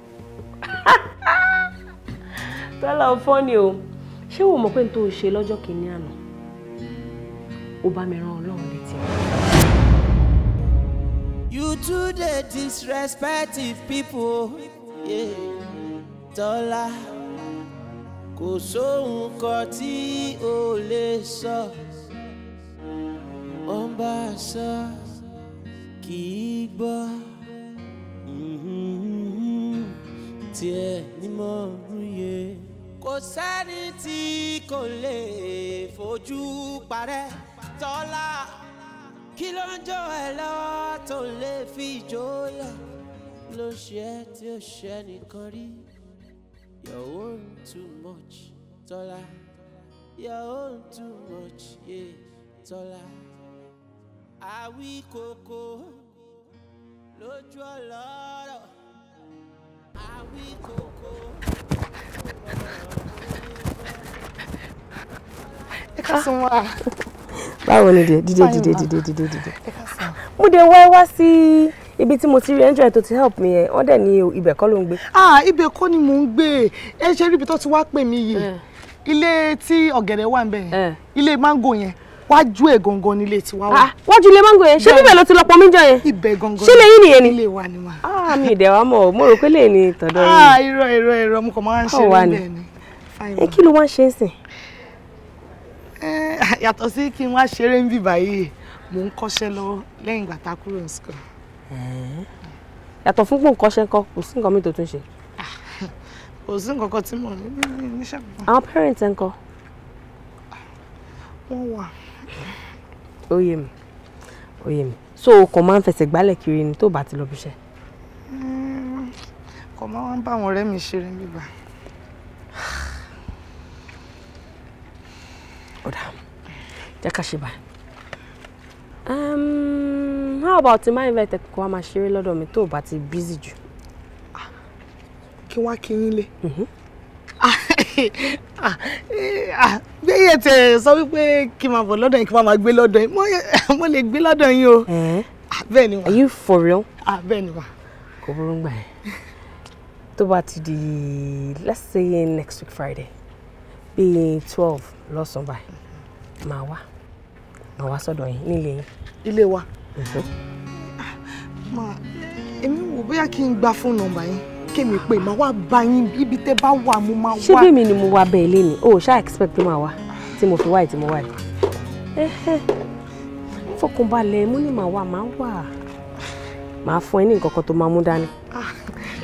tọ́lá ò ni o ṣé wò mọ̀ pé n tó ṣe lọ́jọ́ kìíní àná ó bá mi rán ọlọ́run létí. you too dey disrespect people yeah. tọ́lá kò sóhun kan tí o lè sọ ó bá sọ kì í gbọ́. tiẹ̀ ni mo rúye. kò sẹ́ni tí kò lè fojú parẹ́ tọ́lá kí ló ń jó ẹ lọ́wọ́ tó lè fi ìjòyà ló ṣe é tí ó ṣe nìkan rí your own too much tọ́lá your own too much yeah, tọ́lá àwí kòkó lójú ọlọ́rọ̀. Ah. báwo ni dìde dìde dìde dìde dìde dìde. mo dé wá wá sí ibi tí mo ti rí angel tó ti help mi yẹn wọ́n dẹ̀ ní ibẹ̀ kọ́ ló ń gbé. ah ibẹ̀ kọ́ ni mò ń gbé ẹ ṣe rí ibi tó ti wá pè mí yìí eh. ilé tí ọ̀gẹ̀dẹ̀ wà ń bẹ̀ eh. ilé mango yẹn wájú ẹ̀ gangan nílé tiwa wá. Ah, wájú ilé mango yẹn ṣé bíbẹ̀ ló ti lọ pọn méjọ yẹn. ibẹ̀ gangan ṣé lẹ́yìn nìyẹn ni. ilé wa ni wa. Ah, mi ìdẹ̀ mọ̀ mo rò pé lè ní tọ̀dọ̀ yìí. Ah, irọ́ irọ́ irọ́ mo kàn máa ń ṣe níbẹ̀ ni. ẹ kí ló wá ń ṣe ń sìn. Eh, yàtọ̀ sí kí n wá ṣeré ń bì báyìí mò ń kọ́ṣẹ́ lọ́wọ́ lẹ́yìn ìgbà tá a kúrò ní school. Eh. yàtọ̀ fún pò ń kọ́ṣẹ́ kọ́ kò sí nǹkan mi tó tún ṣe. kò sí nǹkan kan tí mo ní ní ṣàkóso. àwọn parents ẹ̀ ń kọ́. wọ́n wà ó yé mi ó mi so o kàn máa ń fẹsẹ̀ gbálẹ̀ kiri ni tó bá ti lọ bí iṣẹ́. kò máa ń bá àwọn ọ̀rẹ́ mi ṣeré bíbá. ọ̀dà jẹ́ ká ṣe báyìí. how about ti máa ń invite kó wa máa ṣeré lọ́dọ̀ mi tó bá ti busy jù. Ah, kí wá kí yín lé. Mm-hmm gbéyè tẹ sọ wípé kí n máa bọ̀ lọ́dọ̀ yín kí n máa gbé lọ́dọ̀ yín mo lè gbé lọ́dọ̀ yín o. Ah, bẹ́ẹ̀ ni wà. are you for real. Ah, bẹ́ẹ̀ ni wà. kò burú gbà ẹ́ tó bá ti di let's say next week friday bíi twelve lọ́sàn-án báyìí máa wá máa wá sọ́dọ̀ yín nílé yín. ilé wa. máa mhm. ah, èmi wò bóyá kí n gba fóònù nọ́mbà yín kémi pé màá wá bá yín ibi tẹ́ bá wà mo máa wá. ṣé bí mi ni mo wá bẹ́ẹ̀ lé ni o ò expect pé màá wá tí mo fi wá tí mo wá yìí. fọkànbalẹ̀ mo ní màá wá màá wá màá fún ẹ ní nǹkan kan tó máa mú dání ah.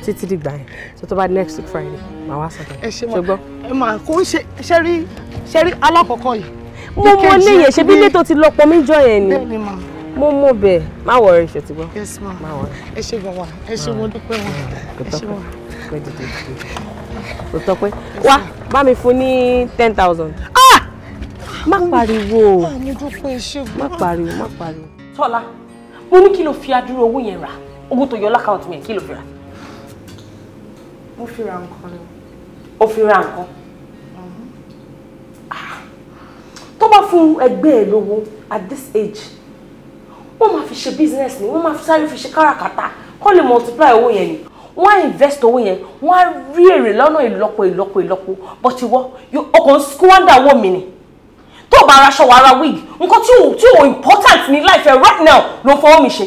títí dìgbà yẹn tó tó bá next week friday màá wá sọ̀tọ̀ ṣùgbọ́n. ẹ máa kó ń ṣe ṣẹ́rí ṣẹ́rí alákọ̀ọ́kọ́ yìí. mo mọ léyè ṣebí ilé tó ti lọ pọ̀ mí jọ yẹn ni. bẹ́ẹ̀ ni màá mo mú bẹ́ẹ̀ má wọrí ṣe ti gbọ́. yes ma má wọrí. ẹ ṣe bàbá ẹ ṣe mo dúpẹ́ wọn ẹ ṣe wọn. pẹ́ dìde dìde kò tọ́ pé wá bá mi fún ní ten thousand. Ah! má pariwo ah, má pariwo má pariwo. tọ́lá mo ní kí ló fi adúrú owó yẹn rà owó tó yọ lákàtúntì yẹn kí ló fi rà. mo fi ra nǹkan ni. o fi ra nǹkan mhm. ah. tó bá fún ẹgbẹ́ ẹ lówó at this age wọ́n máa fi ṣe business ni wọ́n máa fi sáré fi ṣe káràkátà kọ́ lè multiply owó yẹn ni wọ́n á invest owó yẹn wọ́n á rí èrè lọ́nà ìlọ́po ìlọ́po ìlọ́po but ìwọ ọkàn squander owó mi ni tó o bá ara aṣọ wàrà wig nǹkan tí ò important ní life ẹ right now ló fọwọ́ mi ṣe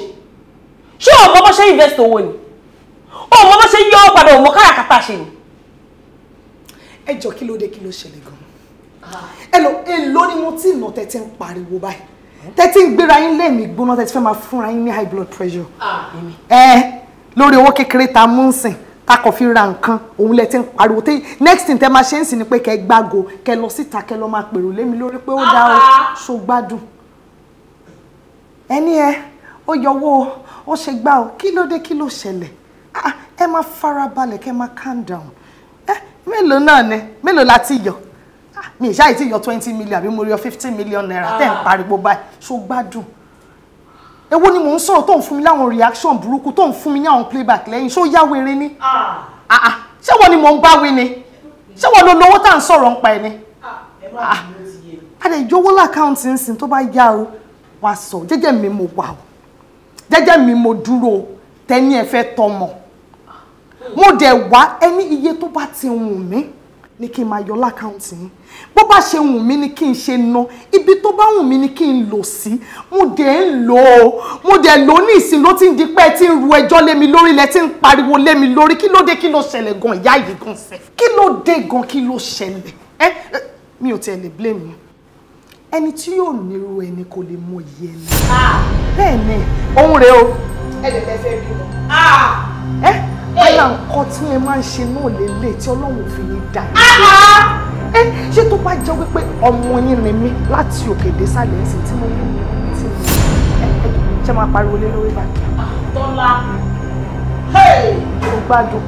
ṣé o mọ bó ṣe invest owó ni o mọ bó ṣe yọ ọ padà o mọ káràkátà ṣe ni. ẹ jọ kí ló dé kí ló ṣẹlẹ̀ gan-an ah. ẹ lọ ni mo ti nà tẹ́tí ń pariwo báyìí tẹ́tí ń gbéra yín lé mi gbóná tẹ́tí fẹ́ máa fúnra yín ní high blood pressure. Ah, ẹ lórí owó kékeré ta mú ń sìn takọ̀ fi ra nǹkan òun lẹ ti ń pariwo tẹ́ next thing tẹ́ máa ṣe ń sìn ni pé kẹ́ gbágo kẹ́ lọ síta kẹ́ lọ máa pèrò lé mi lórí pé ó dá o so gbádùn. ẹni ẹ ó yọwọ́ ó ṣe gbá o kí ló dé kí ló ṣẹlẹ̀ ah, ah, ẹ máa farabalẹ̀ kẹ́ máa calm down ẹ mélòó náà ni mélòó la ti yọ Ah, mi ìṣáà tí yọ twenty million àbí mo yọ fifteen million naira tẹ́ ń ah. pariwo báyìí ṣó gbádùn èwo ni mò ń sọ̀rọ̀ tó ń fún mi láwọn reaction burúkú tó ń fún mi ní àwọn playback lẹ́yìn ṣó yá wèrè ni ah. ṣé wọ́n ni mò ń bá wí ni ṣé wọ́n ló lówó tá à ń sọ̀rọ̀ ń pa ẹ̀ ni adé ìjọwọ́ lákàntì ń sìn tó bá yá o wá sọ jẹ́jẹ́ mi mo wà o jẹ́jẹ́ mi mo dúró tẹ́ni ẹ fẹ́ tọmọ mo dẹ̀ wá ẹni iye tó bá ti wù mí ni kí n máa yọ lákàǹtì yín bó bá ṣe wùn mí ni kí n ṣe ná ibi tó bá wùn mí ni kí n lò sí mo dẹ̀ ń lò ó mo dẹ̀ lò ó ní ìsìn ló ti ń di pẹ́ tí ń ru ẹjọ́ lé mi lórí lẹ tí ń pariwo lé mi lórí kí ló dé kí ló ṣẹlẹ̀ gan ìyá yìí gan sẹ́ kí ló dé gan kí ló ṣẹlẹ̀ ẹ mi ò tiẹ̀ lè blame mi ẹni tí yóò nírú ẹni kò lè mọ iye ẹni ah! bẹ́ẹ̀ ni òun rèé o ẹ lè fẹ́ fẹ́ bí bóyá nǹkan tí ẹ máa ń ṣe náà lélẹ̀ tí ọlọ́run ò fi ní dà ẹ ṣé tó bá jẹ́ wípé ọmọ yín ni mí láti òkè dé sàlẹ̀ ẹ̀sìn tí mo ní tí mo ẹ ẹ ṣe máa pariwo lé lórí báyìí. tọ́lá mo gbádùn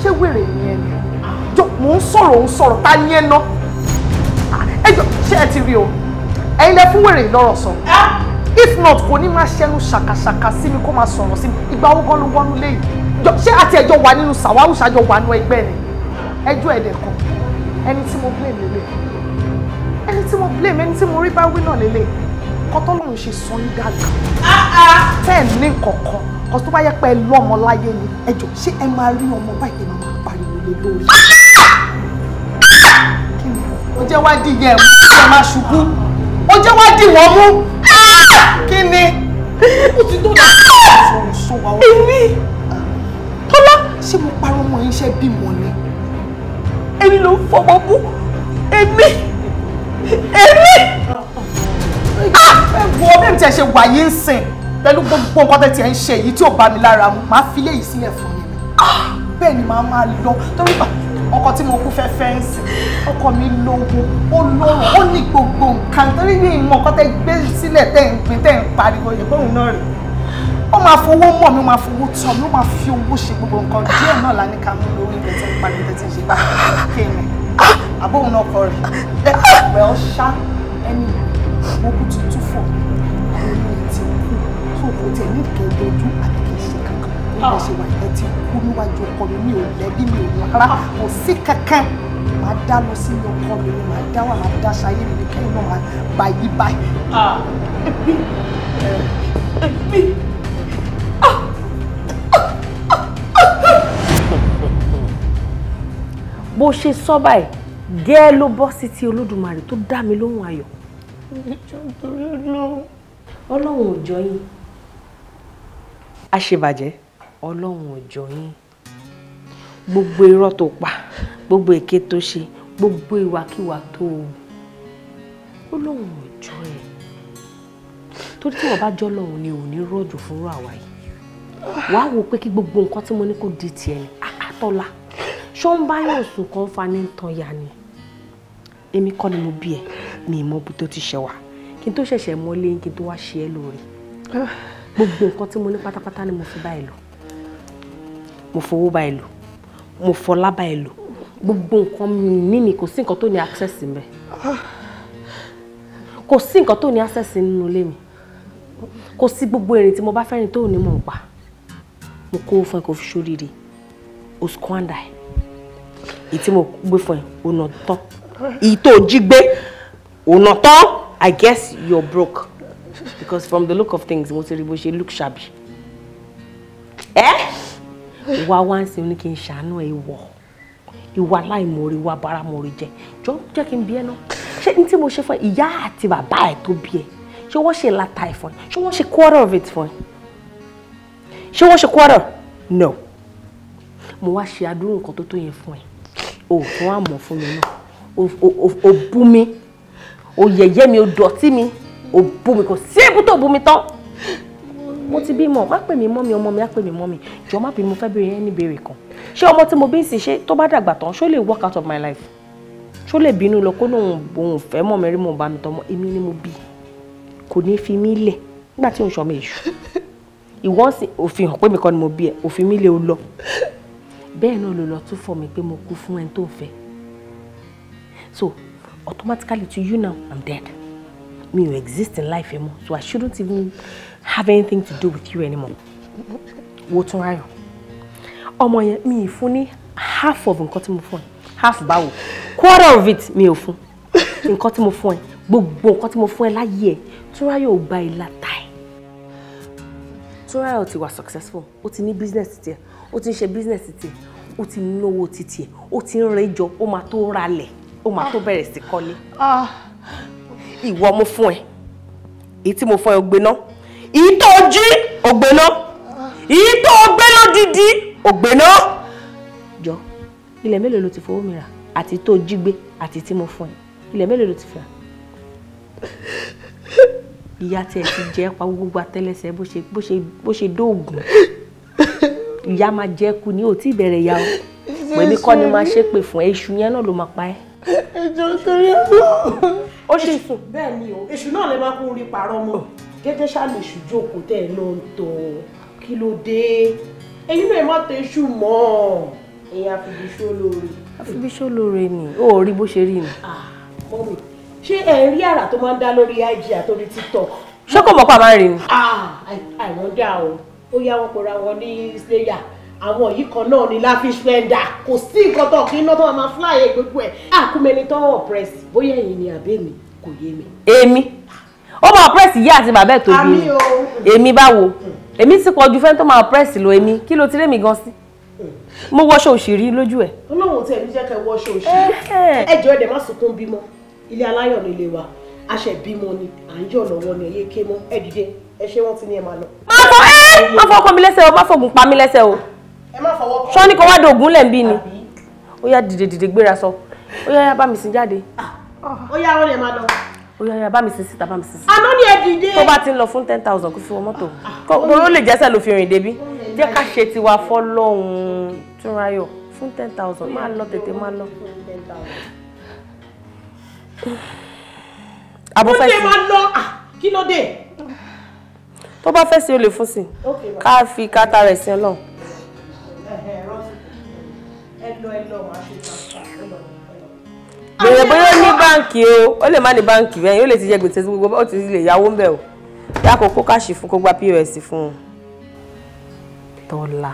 ṣé wèrè ni ẹ ní jọ mò ń sọ̀rọ̀ ń sọ̀rọ̀ ta ni ẹ ná ah, ẹ jọ ṣé ẹ ti rí o ẹ̀yin lẹ fún wèrè lọ́rọ̀ sọ if not kò ní máa ṣẹnu ṣàkàṣàkà sí mi kó máa sọ̀rọ̀ sí mi ìgbà owó léyìí ṣé àti ẹjọ́ wà nínú sàwáwù ṣàjọ wà nínú ẹgbẹ́ ni ẹjọ́ ẹ̀dẹ̀ kan ẹni tí mo blame lélẹ̀ ẹni tí mo blame ẹni tí mo rí bá wí náà lélẹ̀ kọ́tọ́lọ́run ṣe sọ yín dàgbà ah, ah. tẹ́ ẹ̀ ní kọ̀ọ̀kan kọ́ tó bá yẹ pé ẹ lọ́mọ láyé ni ẹjọ́ ṣé ẹ máa rí ọmọ báyìí ni máa pariwo lé lórí. ó jẹ́ wá di yẹn mú kí ẹ máa ṣubú ó jẹ́ wá di wọ́n mú ah! kí ni. ó ti tó dáa. èmi ṣé mo parọ́ mọ́ iṣẹ́ bímọ ni èmi ló ń fọmọ bú èmi èmi ah! ẹ̀gbọ́n bẹ́ẹ̀ mi tiẹ̀ ṣe wàyí ń sìn pẹ̀lú gbogbo nǹkan tẹ̀ tiẹ̀ ń ṣe èyí tí ò bá mi lára mu màá fi léyìí sílẹ̀ fún mi ah! bẹ́ẹ̀ ni màá máa lọ torí ọkọ tí mo kú fẹ́ fẹ́ǹsì ọkọ mi lówó ó lọ́rùn ó ní gbogbo nǹkan torí mi ìmọ̀ nǹkan tẹ́ gbé sílẹ̀ tẹ́ ń gbin tẹ́ ń pariwo yẹ kóhun náà rèé ó máa fowó mọ̀ mi ó máa fowó tọ̀ mi ó máa fi owó ṣe gbogbo nǹkan díẹ̀ náà la ní ká mú lórí ilẹ̀ tí ń pariwo tẹ́tí ń ṣe bá kéèmì àbóhùn náà kọ rẹ̀ ẹgbẹ́ ọ̀ṣá ẹni òkú tuntun fò ẹni tí kú tó kò tẹ̀ ní kẹ̀ẹ́dọ́jú àti kì í ṣe kankan bí wọ́n ṣe wà ẹ ti kú níwájú ọkọ mi mi ò lẹ́bí mi ò rárá kò sí kankan màá dá lọ sí ilé ọkọ mi ni màá dá wà màá dá ṣayé mi ni kẹ́yìn náà màá gbà yí báyìí. Ah, bó ṣe sọ báyìí gẹ́ẹ́ ló bọ́ sí ti olódùmarè tó dá mi lóhùn ayọ̀. ọlọ́run ò jọ yín àṣebàjẹ́ ọlọ́run ò jọ yín gbogbo irọ́ tó pa gbogbo èké tó ṣe gbogbo ìwàkiwà tó o ó lóun ò tí wọn bá jọ lọhùn ni ò ní rọ̀jò fúnra wa yìí wàá wò pé kí gbogbo nǹkan tí mo ní kó di tiẹ̀ ni àtọ́lá ṣó ń báyọ̀ sùn kan fa ní tọ́ya ni èmi kọ́ ni mo bí ẹ mi ì mọ ibi tó ti ṣẹ̀ wá kí n tó ṣẹ̀ṣẹ̀ mọ́lé kí n tó wá ṣe ẹ́ lóore gbogbo nǹkan tí mo ní pátápátá ni mo fi bá ẹ lò mo fowó bá ẹ lò mo fọlá bá ẹ lò gbogbo nǹkan mi ní mi kò sí nǹkan tó ní access mbẹ kò sí nǹkan tó ní access nínú ilé mi kò sí gbogbo èrè tí mo bá fẹ́ rìn tó ní mọ̀ pa mo kó fún ẹ kó fi ṣoríire o squander ẹ èyí tí mo gbé fún ẹ ò tán èyí tó jí gbé ò tán i guess you're broke because from the look of things mo ti rí bó ṣe look shabby ẹ wá wá ń sin ní kí n ṣàánú ẹ wọ ìwà láìmoore wà báramoore jẹ jọ jẹ kí n bí ẹ náà ṣé ní tí mo ṣe fún ẹ ìyá àti bàbá ẹ tó bí ẹ ṣé wọ́n ṣe lata ẹ fún ẹ ṣé wọ́n ṣe quarter of it fún ẹ ṣé wọ́n ṣe quarter no mo wá ṣe àdúrà nǹkan tó tó yẹn fún ẹ o ò tún àmọ̀ fún mi náà o bú mi o yẹ̀yẹ́ mi o dọ̀tí mi o bú mi kò sí èbú tó bú mi tán mo ti bímọ má pè mí mọ́ mi ọmọ mi á pè mí mọ́ mi jọ má bí mo fẹ́ béèrè ẹni béèrè kan ṣé ọmọ tí mo bí ń sì ṣe tó bá dàgbà tán ṣó lè work out of my life ṣó lè bínú lọ kó lóun òun fẹ́ mọ̀ mẹ́rin mọ̀ bá mi tọmọ èmi ni mo bí kò ní fi mí lẹ̀ nígbà tí òun ṣọmọ èṣù ìwọ́n sì òfin hàn pé mi kọ́ ni mo bí ẹ òfin mi lè o lọ bẹ́ẹ̀ náà ló lọ tún fọ̀ mí pé mo kú fún ẹni tó ń fẹ́ so automatically to you now i'm dead me you exist in life ẹ mọ so i shouldn't even have anything to do with you anymore wo tún ráyọ ọmọ yẹn mi fún ní half of nǹkan tí mo fún ẹ half báwo quarter of it mi ò fún nǹkan tí mo fún ẹ gbogbo nǹkan tí mo fún ẹ láyé ẹ túnráyọ̀ ò gba ìlà táì túnráyọ̀ ti wà successful ó ti ní business tiẹ̀ ó ti ń ṣe business tiẹ̀ ó ti ń náwó títì ẹ̀ o ti ń rẹjọ ó máa tó ralẹ̀ ó máa tó ah. bẹ̀rẹ̀ sí kọ́lé. Ah. ìwọ mo fún ẹ èyí tí mo fún ẹ ó gbéná èyí tó jí ó gbéná ah. èyí tó gbé lódìdí ó gbéná. jọ ilẹ̀ mélòó ló ti fowó mi rà àti tó jí gbé àti tí mo fún ẹ ilẹ̀ mélòó ló ti fi ìyá tí ẹ ti jẹ́ pa gbogbo àtẹ́lẹsẹ̀ bó ṣe dóògùn ìyá máa jẹ́ kú ni ò tí ì bẹ̀rẹ̀ ya o pèmí kọ́ ni máa ṣépè fún ẹ iṣu yẹn náà ló máa pa ẹ́. ìjọ torí ọlọ́run. ó ṣe sùn. bẹ́ẹ̀ ni o èṣù náà lè máa kún orí pààrọ̀ mọ́ gẹ́gẹ́ ṣáà lè ṣù jókòó tẹ̀ ẹ́ náà tó kí ló dé ẹ̀yin náà má tẹ iṣu mọ́ ẹ̀yin àfibíṣó lóore. àfibíṣó lóore ni ó rí bó ṣe rí ni. Ah, mọ́mì ṣé ẹ̀ ń rí àrà tó máa ń dá lórí IG àtòrí TikTok. ṣé kò mọ̀ pa rí ni. àìmọ̀ ah, dá o ó yá wọn kò ra wọn ní slayer àwọn yìí kan náà ni láfi ṣẹ́ńdà kò sí nǹkan tó kí iná tó máa fly gbogbo ẹ̀ àkúmẹ́ni tó wọ̀ press bóyá ẹ̀yin ni àbẹ́ mi kò yé mi. èmi ó máa press yí àti bàbá ẹ̀ tó bí mi èmi báwo èmi ti pọ̀ ju fẹ́ tó máa press lo èmi kí ló ti lé mi gan sí mo wọṣọ òṣèré lójú ẹ̀. ọlọ́run tí ẹ̀mí jẹ́ kẹ́ wọṣọ òṣèré ẹjọ́ ẹ̀dẹ̀ má sunkún bímọ ilé aláyọ̀ nílé wa aṣẹ̀ bímọ ni à ń yọ̀ lọ́wọ́ ni ẹ̀yẹ ké mọ́ ẹ̀ dìde ẹ ṣé wọ́n ti ní ẹ máa lọ. máa kọ ẹ Ma fọwọ́ kọ́ mi lẹ́sẹ̀ o má fọ̀gùn pa mi lẹ́sẹ̀ o ṣọ́ ní kò wá dògún lẹ̀ ń bí ni ó yá dìde dìde gbéra sọ ó yá yá bá mi sin jáde. Ah, ó yá ó lè lọ. ó yá yá bá mi sin síta bá mi sin síta. àná ni ẹ dìde. tó bá ti ń lọ fún ten thousand kó fi wọ mọ́tò ah, kó ó lè jẹ́sẹ̀ ló fi rìn débi jẹ́ ká ṣe tiwa fọ́lọ́hún túnráyọ̀ fún ten thousand máa lọ tètè máa lọ. àbúfẹ́ sí. ó lè máa lọ ah, kí ló dé tó bá fẹ́ sí o lè fún sí ká fi kátà rẹ̀ sí ọlọ́run. bèrè bóyá ó ní báǹkì o ó lè má ní báǹkì bẹ́ẹ̀ yóò lè ti jẹ gbèsè sí gbogbo ó ti lè yáwó ń bẹ̀ o lákòókò káṣì fún kó gba pọ́s fún un. tọ́lá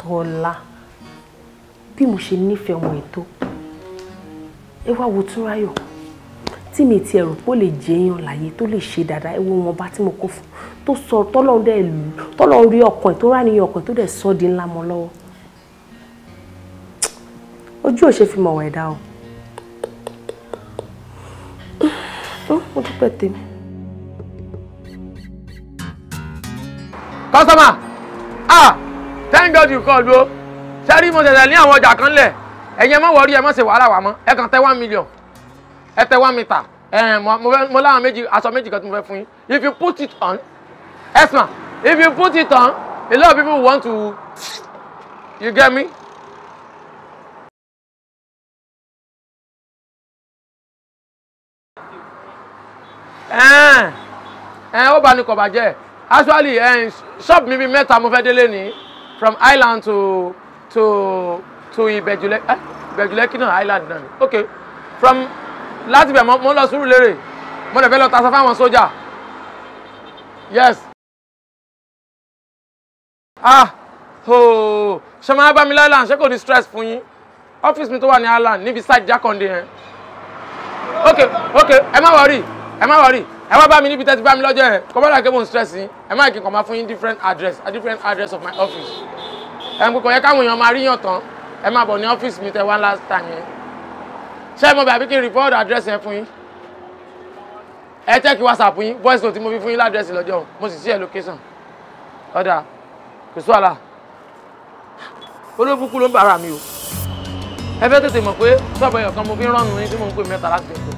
tọ́lá bí mo ṣe nífẹ̀ẹ́ ọmọ ètò ẹ wá wo túnráyọ̀ tí mi ti ẹ̀rù pò lè jẹyàn láyé tó lè ṣe dáadáa ewu wọn bá tí mo kó fún tó sọ tọ́lọ́run dẹ̀ lù tọ́lọ́run rí ọkàn ẹ̀ tó rà níyàn ọkàn ẹ̀ tó dẹ̀ sọ di ńlá mọ́ lọ́wọ́ ojú ò ṣe fi mọ̀wọ́ ẹ̀dá o mo dúpẹ́ tèmi. kọ́sọ́mà ah thank God you called o ṣe rí mo ṣẹ̀ṣẹ̀ ní àwọn ọjà kan lẹ̀ ẹ̀yin ẹ má wọrí ẹ má ṣe wàhálà wà mọ́ ẹ kàn tẹ́ one million ẹ tẹ one meter mo láwọn méjì aṣọ méjì kan tí mo fẹ́ fún yín if you put it on Esma, if you put it on a lot of people want to you get me. ó bá ní kọ̀bàjẹ́ actually shop mi bi mẹ́ta mo fẹ́ délé ní from island to to to Ìbẹ̀júlẹ̀ Ìbẹ̀júlẹ̀ kí náà island náà ok from láti bẹ̀ mo lọ sùúrù lérè mo dẹ̀ fẹ́ lọ taṣọ fáwọn sójà yes ah ooo ṣe máa bá mi láìlan ṣé kò ní stress fún yín ọ́fíìsì mi tó wà ní island níbi side jákàndé yẹn ok ok ẹ má wọrí ẹ má wọrí ẹ wá bá mi níbi tẹ́tí bá mi lọ́jọ́ yẹn kọ́mọ́dà kébù ń stress yín ẹ má kí n kàn máa fún yín different address a different address of my office ẹ̀ ń pẹ́ kọ̀ yẹ káwọn èèyàn máa ríyàn tán ẹ má bọ̀ ní ọ́fíìsì mi tẹ́ wá last time yẹn ṣé mo bẹ̀ àbí kí n rìpọ́ọ̀dù àdírẹ́sì yẹn fún yín ẹ tẹ́ kí whatsapp yín voice note tí mo fi fún yín ládírẹ́sì lọ́jọ́ mo sì sí ẹ̀ location ọ̀dà kò sí wàhálà olóbùkún ló ń bára mi o ẹ fẹ́ tètè mọ̀ pé sọ́ọ̀bù ẹ̀yọ̀ kan mo fi ń rán nù yín tí mo ń pè mẹ́ta láti ẹ̀kọ́.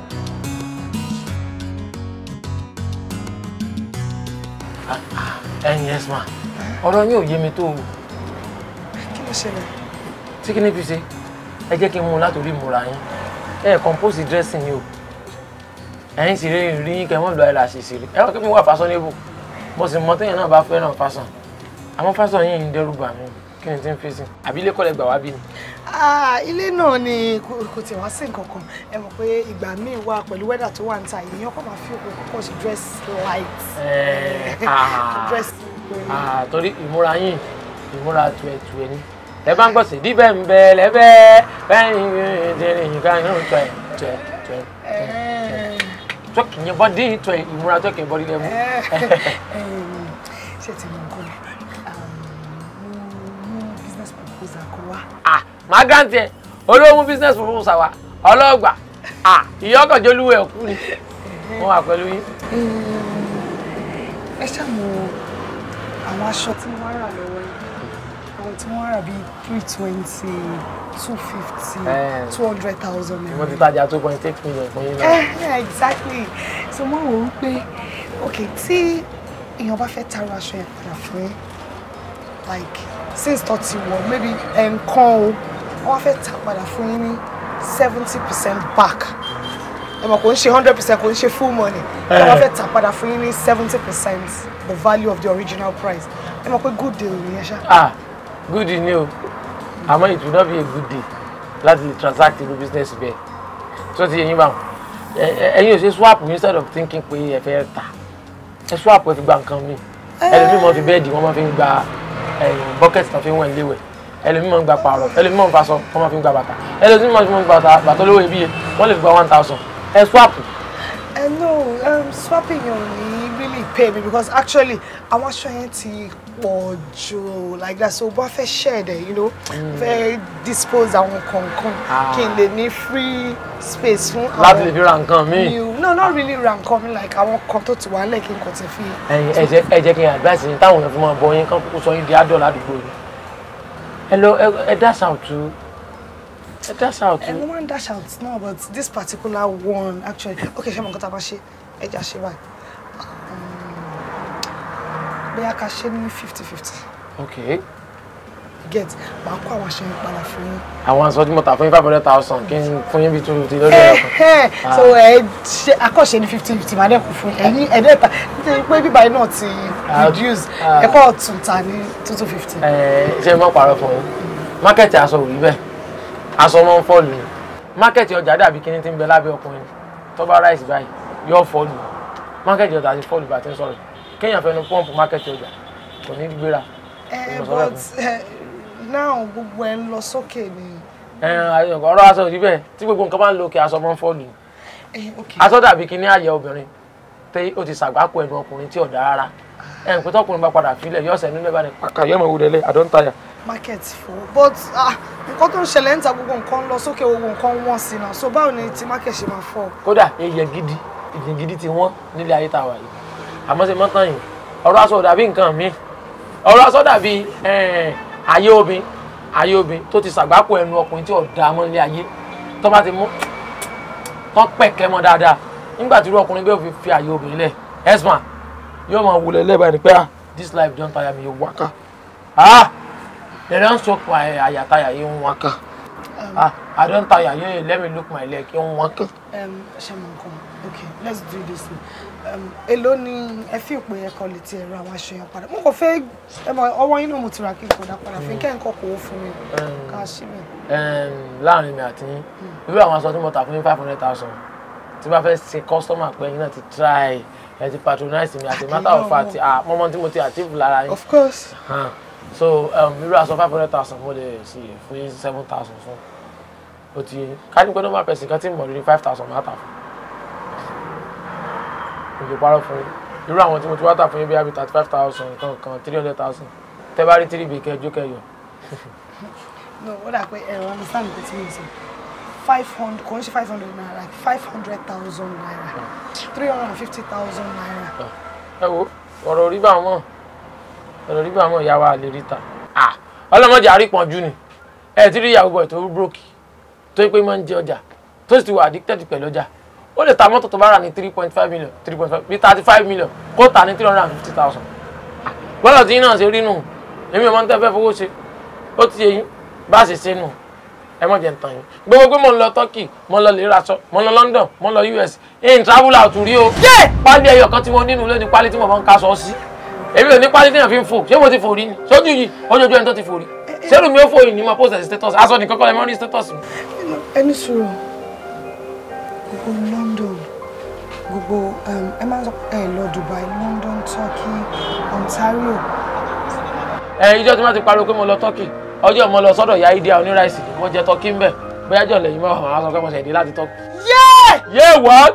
ẹ̀yin ẹ sùn ọ̀rọ̀ yín ò yé mi tó o. kí ló ṣẹlẹ̀. tí kí ni fi ṣe ẹ jẹ́ kí n mú un látòrí ìmúra yín ẹ compose the dressing yìí o ẹ̀yin sì rí rí kẹ́ mọ́ lọ ẹ̀là ṣèṣì rí ẹ̀rọ kébí wà fashionable mo sì mọ téèyàn náà bá fẹ́ràn fashion àmọ́ fashion yìí ń dẹ́rù bà mí kí ni tí ń fèsì àbí ilé kọ́lẹ̀ gbà wá bí ni. ilé náà ni kò tẹ̀ wá sí nǹkan kan ẹ mọ̀ pé ìgbà míì wà pẹ̀lú wẹ́dà tó wà níta èèyàn kò máa fi òkú kọ́kọ́ ṣe dress light. dress. torí ìmúra yín ìmúra tuẹ̀tuẹ̀ ni ẹ bá ń gbọ́ sí díbẹ̀ ń bẹ lẹ́bẹ̀ bẹ́ẹ̀ ni nǹkan kan yóò tọ́ ẹ̀ tọ́ ẹ̀ tọ́ ẹ̀ tọ́kì yẹn bọ́ dín ìtọ́ ẹ̀ ìmúra tọ́kì yẹn bọ́ dín lẹ́mú. ṣé ti mú nǹkan mú business proposal kọ wá. ah màá gáǹtì ẹ olówó business proposal wa ọlọ́gbà ah ìyọ́kọ̀jọ́ olúwẹ̀ ọ̀kú ni wọ́n wà pẹ̀lú yín. ẹ ṣàmù àwọn aṣọ tí wọ́n rà lọ́wọ́ yìí Tomorrow, be rà bíi three twenty two fifty eh. two hundred thousand naira. wọ́n ti tajà two point eight million eh, exactly so mo wò ó pé ok tí èèyàn bá fẹ́ taro aṣọ like since thirty one maybe and call. wọ́n fẹ́ tà padà fún yín ní seventy percent back ẹ mọ̀ kò ń ṣe hundred percent kò ń ṣe full money ẹ wọ́n eh. fẹ́ tà padà fún yín ní seventy percent the value of the original price ẹ mọ̀ pé good deal nìyẹn Ah good ni o àmọ́ it will not be a good day Let's lè transact the business bẹ́ẹ̀ So, wọ́n ti yẹ yín bá swap instead of thinking pé ẹ fẹ́ tà ẹ swap ẹ fi gba nǹkan mi ẹlòmíì mọ́ fi bẹ́ẹ̀dì wọ́n máa fi ń gba bucket tán fi ń wẹ̀ léwẹ̀ ẹlòmíì mọ́ ń gba pààrọ̀ ẹlòmíì mọ́ ń faṣọ wọ́n máa fi ń gba bàtà ẹlòmíì mọ́ ń gba bàtà olówó iyebíye wọ́n lè fi one thousand ẹ swap. ẹ no um, swapping only prepare me because actually I want to ti pọ̀ like that so bá fẹ́ share there, you know Very dispose and kọ̀ọ̀kan ah. kí n lè ní free space fún àwọn láti lè fi ra no not really ra nǹkan mi like I want tó ti wà lẹ́ẹ̀kí nǹkan ti fi. ẹ jẹ́ kí n advice yín táwọn èèyàn fi máa bọ yín kán kó sọ yín di adọ́ ládùúgbò yín ẹ lọ ẹ dash out. No, but this particular one actually. Okay, ṣé mo nǹkan tá a bá ṣe. Ẹ jà bóyá ká ṣe ní fifty fifty. okay. get màá kó àwọn aṣọ yẹn padà fún yín. àwọn aṣọ tí mo tà fún yín five hundred thousand kí n fún yín bí two fifty lórí ẹ̀kọ́. Ah. so ẹ ṣe akọ́ṣe ní fifty fifty màá dẹ́kun fún ẹ̀yin ẹ̀dẹ́ta nítorí pé bíbá yín ti ah. reduce ah. ẹ̀kọ́ tún ta ní two two fifty. ṣé mo pààrọ̀ fún yín mákẹ́tì aṣọ ò rí bẹ́ẹ̀ aṣọ máa ń fọ́ọ̀lù ni mákẹ́tì ọjà dàbí kíní tí ń bẹ lábẹ́ ọkùnrin tó bá ráìsì báyìí yóò fọ́ọ̀lù mákẹ́tì ọjà ti fọ́ọ̀lù bá ti ń sọ̀rọ̀ kéèyàn fẹnu pọ́ǹpù mákẹ́tì ọjà kò ní gbéra. Eh, but eh, now gbogbo ẹ ń lọ sókè ni. Eh, ọ̀rọ̀ aṣọ òdì bẹ́ẹ̀ tí gbogbo nǹkan bá ń lo òkè aṣọ máa ń fọ́ọ̀lù aṣọ dàbí kí ní àyè obìnrin tí ó ti ṣàgbákò ẹnu ọkùnrin tí ọ̀dà rárá ah. ẹ̀ ń pẹ́ bá padà fílẹ̀ yọ ọ̀sẹ̀ nílẹ̀ báyìí àkàyọ́ mọ̀ wúlẹ̀ lẹ́ àdọ́ntayà. market full but ah, nǹkan tó ń ṣẹlẹ̀ ń ta gbogbo nǹkan lọ sókè gbogbo nǹkan wọ́n sí náà so báwo ni ti market ṣe máa fọ́. kódà èèyàn gidi èèyàn gidi ti wọ́n nílé ayé tá a wà yìí àmọ́ ṣe mọ́tàn yìí ọ̀rọ̀ aṣọ dàbí nǹkan mi ọ̀rọ̀ aṣọ dàbí ayé obìn ayé obìn tó ti ṣàgbákò ẹnu ọkùnrin tí ò dá mọ́ ilé ayé tó bá ti mú tó pẹ̀kẹ́ mọ́ dáadáa nígbà tí irú ọkùnrin bẹ́ẹ̀ fi fi ayé obìn lẹ̀ esma yóò máa wulẹ̀ lẹ́bàá ni pé ah this life don tire me yóò wákà ah they don soak my àyàtayà yìí ń wákà um, ah i don tire yìí let me look my leg yìí ń wákà. Um, ṣé mo kàn okay let's do this. One èló ni ẹ fi ìpè ẹ̀kọ́ lè ti ẹ̀rọ àwọn aṣọ yẹn padà mo kò fẹ́ ọwọ́ yín náà mo ti rà kí n kò dá padà fi kẹ́ ǹkan kò ó fún mi ká ṣí mi. láàrin mi àti yín irú àwọn aṣọ tí mo tà fún yín five hundred thousand tí bá fẹ́ ṣe kọ́sọ́mà pé yín náà ti try ẹ ti patronize mi àti matter of fact mọ́mọ́ tí mo ti achieve lára yín. of course. so irú aṣọ five hundred thousand mo lè ṣe fún yín seven thousand fún o ti ká ní pé normal person kan ti mọ̀ lórí five thousand máa tà fún kò parọ́ fún yín irú àwọn tí mo ti wá tà fún yín bí i thirty five thousand nǹkan nǹkan three hundred thousand tẹ́ three bèkẹ́ ẹjọ́ kẹyọ. no ó dà pé ẹ̀rọ understand the thing is five hundred kò ń ṣe five hundred naira like five hundred thousand naira three hundred and fifty thousand naira. Ah. ẹ wo ọ̀rọ̀ orí bá wọn ọ̀rọ̀ orí bá wọn ìyá wa lè rí ta ah, ọlọ́mọdé àrípọ̀njú ni ẹ ti rí ìyàwó bọ̀ tó brókì tó pé máa ń jẹ ọjà tó sì ti wà addicted pẹ̀lú ọjà ó lè ta mọ́tò tó bá rà ní three point five million three point five bíi thirty five million kó tà ní three hundred and fifty thousand gbọ́dọ̀ tí náà ṣe rí nù èmi ọmọ tẹ́ fẹ́ fowó ṣe ó ti yẹyìn bá a ṣe ṣe nù ẹ mọ̀ jẹ́ ń tàn yín gbogbo pé mo ń lọ Turkey mo ń lọ lè raṣọ mo ń lọ London mo ń lọ US in travel out rí o pálí ẹyọ kan tí mo nínú ló ní pálí tí mo máa ń kaṣọ sí èmi ò ní pálí tí èèyàn fi ń fò ṣé mo ti fò rí ni sójú yìí ojoojúmọ́ ẹni tó ti fò rí sẹ́rù eh, eh. mi ó fò yìí ni mo post ẹ̀ sí status aṣọ nìkan kọ́ lẹ́ mọ́ rí status mi. ẹni sùúrù gbogbo náà gbogbo um, ẹ máa ń sọ ẹ lọ Dubai London Turkey Ontario. ẹ ìjọ tí wọn ti pariwo pé mo lọ Turkey ọjọ́ mo lọ sọ́dọ̀ ìyá India oníráìsì mo jẹ Turkey ń bẹ̀ bóyá jọ̀lẹ̀ yìí máa hàn á sọ pé mo ṣẹ̀dí láti Turkey. yé yé what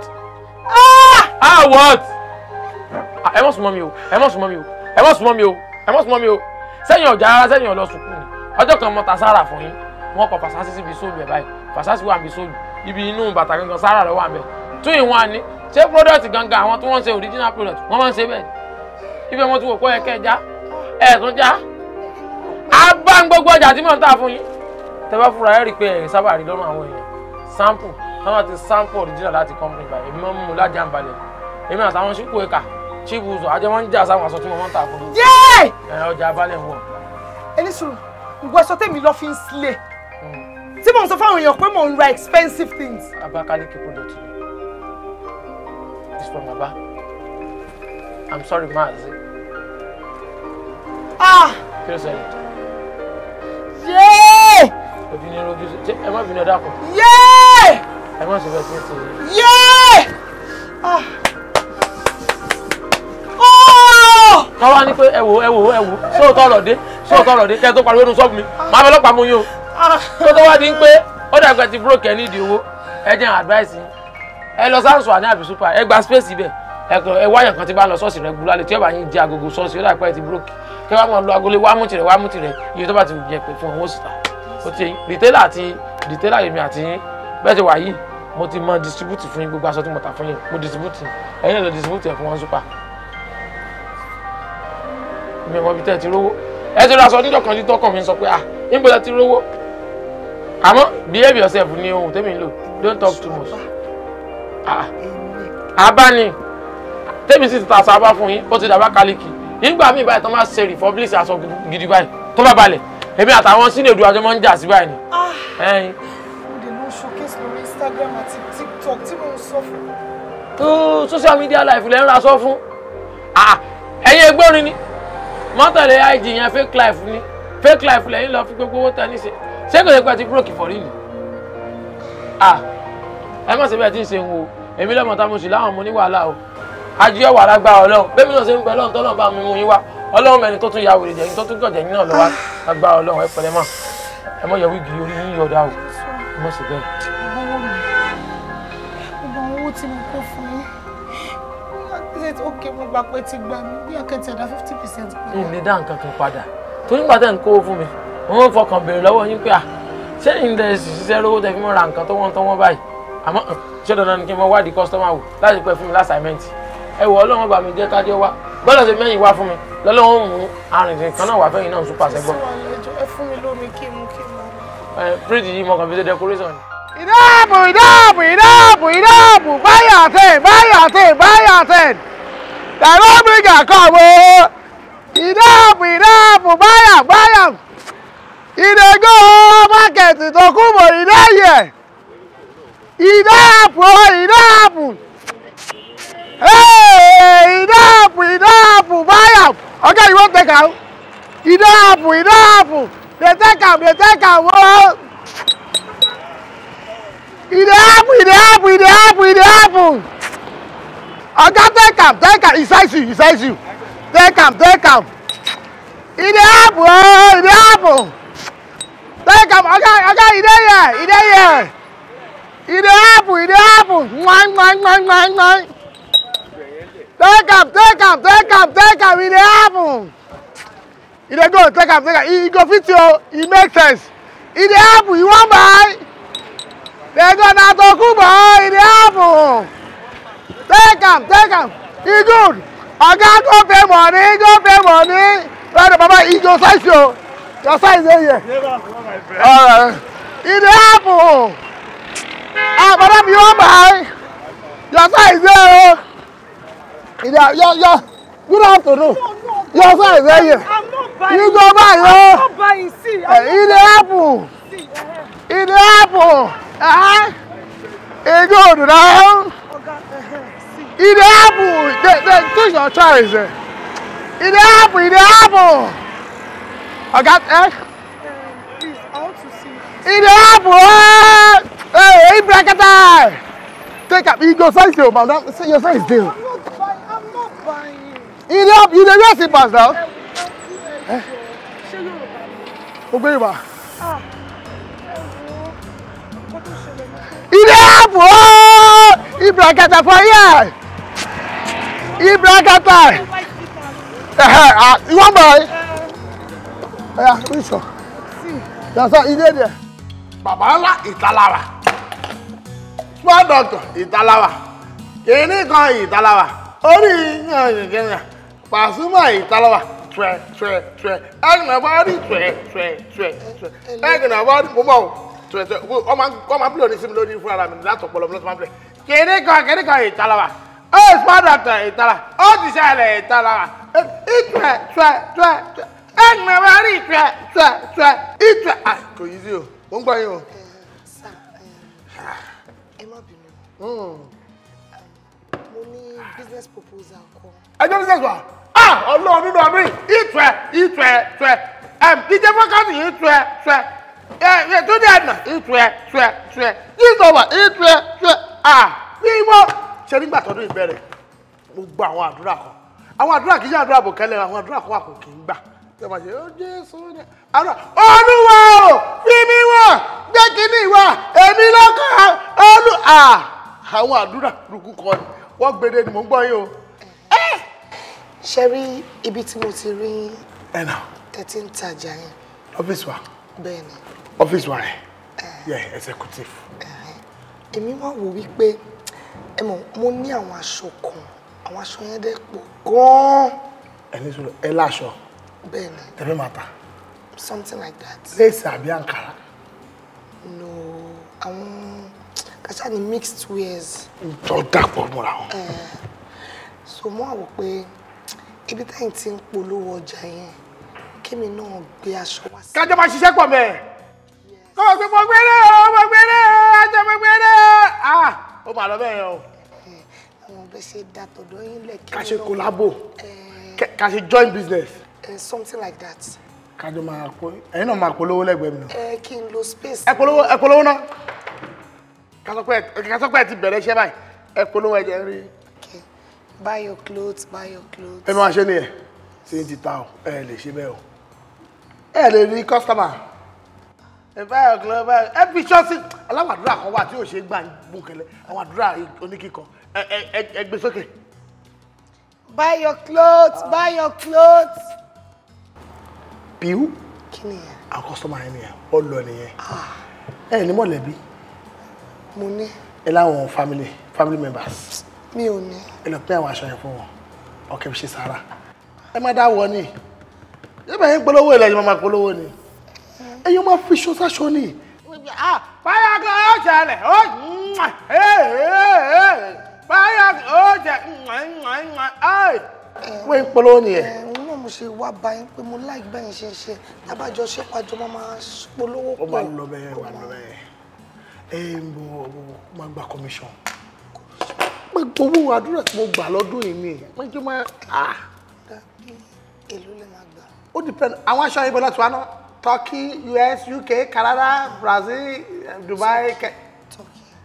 ah ah what ah, ẹ mọ̀ súnmọ́ mi o ẹ mọ̀ súnmọ́ mi o ẹ mọ̀ súnmọ́ mi o ẹ mọ̀ súnmọ́ mi o sẹ́yìn ọ̀jà rárá sẹ́yìn ọ̀lọ́ sùkúù ni ọjọ́ kan mo ta sára fún yín wọ́n kọ fàṣásí síbi sóòlù ẹ̀ báyìí fàṣásí wà mí sóòlù ibi inú bàtà gangan sára rẹ̀ wà mẹ́ tún ìwọ̀n àní ṣé product gangan àwọn tí wọ́n ń ṣe original product wọ́n máa ń ṣe bẹ́ẹ̀ ibẹ̀ wọ́n ti wò kọ́ ẹ̀kẹ́ já ẹ̀ẹ̀tún já a bá ń gbogbo ọjà tí mò ń tà fún yín tẹ́fẹ́ fúnra ẹ̀ rí pé ẹ̀yìn sábà rí lọ́rùn àwọn èèyàn sample wọ́n máa ti sample original láti company by èmi máa ń mú lájà ń balẹ̀ èmi àtàwọn ṣíkú ẹ̀ka ṣíkú sọ àjẹ́ wọ́n ń jà sáwọn aṣọ tí wọ́n tà fún mi. ẹ̀ ọjà abalẹ̀ wọ̀. ẹni sùn ìwọ sọ tèmi lọ fi ń sílẹ̀ hmm. tí mò ń sọ fáwọn èèyàn pé mò ń ra things. Abakaliki product ni. It's from Baba. I'm sorry, Mazi. Ah! Kí ló ṣẹlẹ̀? But you need to ṣe ẹ má bínú ọ̀dà kan. Yéé! Ẹ má ṣe bẹ́ẹ̀ sí ètò yìí. Yéé! Ah! Oh. wá ní pé Ewo, ewo, ewo. wò ẹ wò sóòótọ́ ọ̀rọ̀ dé sóòótọ́ ọ̀rọ̀ dé kẹ́ ẹ tó pariwo inú sọ́ọ̀bù mi màá bẹ lọ́pàá mu yín o ah! tó tó wá di pé ó dàgbà I búrò advise nídìí ẹ lọ sáǹsù àní àbí súpà ẹ gba space ibẹ̀ ẹ wáyà kan tí bá lọ ṣọ́ọ̀ṣì rẹ gbúlálẹ̀ tí ẹ bá yín jẹ agogo ṣọ́ọ̀ṣì ó dàgbà ẹ ti búrókì kí wọ́n máa lo agolé wámú tirẹ̀ wámú tirẹ̀ iye tó bá ti yẹ pé fún owó síta ó ti rìtẹ́là àti rìtẹ́là èmi àti bẹ́ẹ̀ ti wà yìí mo ti mọ distribute fún yín gbogbo aṣọ tí mo tà fún yín mo distribute ẹ̀yin lọ distribute ẹ̀ fún wọn súpà mi mọ ibi tẹ́ ẹ ti rówó ẹ ti rọ aṣọ níjọ kan títọ́ kàn mí sọ pé ah níbo la ti rówó àmọ́ behave yourself ni ohun tẹ́mi ń lò don't talk too much. Ah. abáni tẹ́mi sì ti ta sábà fún yín ó ti dàbá kálíkì nígbà míì báyìí tó máa ṣe republic aṣọ gidi báyìí tó bá balẹ̀ èmi àtàwọn sínú èdè àjọmọ́ ń jà sí báyìí ni. ẹyin. òde ló ń showcase lórí Instagram àti TikTok tí mo ń sọ fún. tó social media life lẹ́ ń ra sọ fún ah, ẹ̀yin ẹgbẹ́rin ni mọ́tàlẹ́ IG yẹn fake life ni fake life lẹ́yìn lọ fi gbogbo owó tẹ níṣe ṣé kò lè pẹ́ ti búròkì fọ̀rí ni ah, ẹ má ṣe bí ẹ ti ń ṣe ń wo èmi lọ́mọ tá mo sì láwọn mo ní wàhálà o ajíyọ̀ wà lágbára ọlọ́run bẹ́ẹ̀ náà ṣe ń bẹ lọ́run tọ́lọ́run mi mú yín wá ọlọ́run mẹ́ni tó tún ya wèrè jẹ̀yìn tó tún gọ̀jẹ̀ yín náà lọ́wọ́ lágbára ọlọ́run ẹ mọ́ ẹ mọ́ yọ wíìgì orí yín yọ̀dá o ẹ mọ́ sí bẹ́ẹ̀. gbogbo owó tí mo kó fún yín ṣe ó ké mo gbà pé ti gbà mí bí akẹ́tì ẹ̀dá fifty percent padà. nǹkan kan padà torí gbàtẹ́ ń àmọ́ ṣé dandan ni kí n mọ wádìí kọ́sítọ́mà wò láti pẹ́ fún mi lásàmẹ́ǹtì ẹ wọ ọlọ́run gbà mí jẹ́ kájọ́ wá gbọ́dọ̀ ṣe mẹ́yìn wá fún mi lọ́lọ́run mú arìnrìn kan náà wà fẹ́yìn náà súpàṣẹ gbọ́. ẹ fún yìí mọ kàn fi ṣe decoration ìdáàbò ìdáàbò ìdáàbò ìdáàbò báyà ten báyà ten báyà ten dàrú bíríjà kọ̀ mọ́ ìdáàbò ìdáàbò báyà báyà ìdègò mákẹ́tì tó kú mọ̀ ìdáyẹ̀. Oh, you won't take out. Ìdáàbò ìdáàbò ìdáàbò ìdáàbò báyà take out, tẹ̀ka o ìdáàbò ìdáàbò lè tẹ̀ka lè tẹ̀ka take out, ìdáàbò ìdáàbò ìdáàbò ọjọ́ tẹ̀ka tẹ̀ka take out. tẹ̀ka tẹ̀ka ìdáàbò ìdáàbò tẹ̀ka ọjọ́ ìdẹ́yẹ ìdẹ́yẹ e dey happen e dey happen mwai mwai mwai take up, take up, take up, take up. e dey happen go take up, take up. e go fit you, e make sense e dey happen you wan buy They go now tokubo e dey happen take up, take up. e good I oga go pay money go pay money well baba e go size o your size dey eh, here all right e dey Ah, madam, you are by. Your side is there. Yeah, oh. uh, yeah, yeah. You don't have to do. No, no. Your side is there. Yeah. I'm not buying. You go buy, yo. I'm oh. not buying. See, I'm uh, eat the apple. See, uh, uh-huh. eat the apple. Ah, uh, it go to down. Eat the apple. The, the, choose your choice. Eat eh. the apple. Eat the apple. I got. Eh? Um, please, I want to see. Eat the apple. Eh? your size dey o madam say your size dey o. i'm not buying i'm not buying. you dey you dey wear slippers now. ẹ eh, eh? ṣe yorùbá ni. o gbé yorùbá. ah Ibrahim, wo Ibrahim. tó ṣẹlẹ̀ ní. ilé ààbò ibra kata eh, ah, you want buy. Oh, yeah, which one. yàtọ̀ ilé idiot, bàbá ńlá ìtalára small doctor ìtaláwà kìíní kan ìtaláwà orí yànyìnyànyà pàṣùmọ̀ ìtaláwà trẹ trẹ trẹ ẹgbẹ̀rún bá rí trẹ trẹ trẹ trẹ ẹgbẹ̀rún bá rí bọ́bọ̀ trẹ trẹ wọ́n máa ń pè ní sinmi lórí fúnra mi láti ọ̀pọ̀lọ́ mi lọ́sọ̀ máa ń kìíní kan kìíní kan ìtaláwà ó small doctor ìtaláwà ó ti ṣẹlẹ̀ ìtaláwà ìtrẹ trẹ trẹ trẹ ẹgbẹ̀rún bá rí trẹ trẹ trẹ ìtrẹ kò yí o mo o ẹ má bínú hmm. mo ní business proposal kan. ẹjọ́ business wa ah ọlọ́run nínú ọdún yìí ìtù ẹ ìtù ẹ tù ẹ ìjẹ́ fọ́kàtì ìtù ẹ tù ẹ ẹ tó dé àná ìtù ẹ tù ẹ tù ẹ ìsọ̀wà ìtù ẹ tù ah bí wọ́n. ṣe nígbà tọdún ìbẹ̀rẹ̀ mo gba àwọn àdúrà kan àwọn àdúrà kì í ṣe àdúrà bòkẹ́lẹ̀ àwọn àdúrà kan wà kò kì í gbà. ṣé wàá ṣe ó jésù náà àwọn olúwa o fi mí wọ̀ gbé kínní wá èmi lọ́kàn olú àwọn àdúrà lùkù kọ́ ni wọ́n gbére ni mò ń gbọ́ yín o. ṣe rí ibi tí mo ti rí tẹ́tí ń tajà yẹn. ọ́fíìsì wa. bẹ́ẹ̀ ni. ọ́fíìsì wa rẹ̀ yẹ executive. èmi wá wò wípé mo ní àwọn aṣọ kan àwọn aṣọ yẹn dẹ́ pọ̀ gan-an. ẹni sọ̀rọ̀ ẹ láṣọ. bẹ́ẹ̀ ni. ẹ fẹ́ ta something like that. lace àbí ankara. no àwọn kàṣà ni mixed wears. tó dàpọ̀ múra wọn. Eh, so mo àwọ̀ pé ibi tẹ́yìn ti ń polówó ọjà yẹn kémi náà gbé aṣọ wá sí. kájọ máa ṣiṣẹ́ pọ̀ bẹ́ẹ̀. kọ́ ọ pé mo gbére o mo gbére o ajá mo gbére o ah, ó mà lọ bẹ́ẹ̀ yẹn o. Eh, àwọn bẹ́ẹ̀ ṣe da tọ̀dọ̀ yín lẹ̀ kí n lọ. Eh. ká ṣe collabo ká ṣe joint business. Uh, something like that kájọ máa kó ẹ̀yin náà máa polówó lẹ́gbẹ̀ẹ́ mi. ẹ kí n lo space. ẹ polówó ẹ polówó náà kásọpẹ́ ti bẹ̀rẹ̀ iṣẹ́ báyìí ẹ polówó ẹ jẹ́ rí. buy your clothes buy your clothes. ẹ máa ṣe nìyẹn tí ń ti ta ọ ẹ lè ṣe bẹ́ẹ̀ o ẹ lè rí kọ́sítọ́mà ẹ buy your clothes buy your ẹ fi ṣọ́ọ̀ṣì aláwọ̀ kan wà tí ò ṣe gbà ń bùkẹ́lẹ̀ àwọn àdúrà ẹ ẹ ẹ gbé sókè. buy your clothes buy your clothes. Piu, bill and customer yẹn nìyẹn ó lọ nìyẹn ah. ẹ ní mọ̀lẹ́bí. mo ní. ẹ láwọn family family members. mi ò ní. ẹ lọ pín àwọn aṣọ yẹn fún wọn ọkẹ́ fi ṣe sára ẹ má dá wọ ni yẹ́bà yẹn polówó ilẹ̀ yìí máa polówó ni mm-hmm. ẹ̀yin máa fi ṣọ́ sáṣọ ni. báyà ah, kan ó jalè ó báyà kan eh, eh, eh, ó jalè wọ́n ń polówó ni ẹ̀. Mm-hmm mo ṣe wá bá yín pé mo láì bẹ́yìn ṣe ṣe tábàjọ ṣe pàjọ mo máa polówó pọ̀. ó máa ń lọ bẹ́ẹ̀ wà lọ bẹ́ẹ̀ ẹ ń máa gba commission pé gbogbo àdúrà tí mo gbà lọ́dún yìí mi pé kí n máa. Ah. èlò lè máa gbà. ó depend àwọn aṣọ ayébọlá tí wàá ná Turkey US UK Canada Brazil Dubai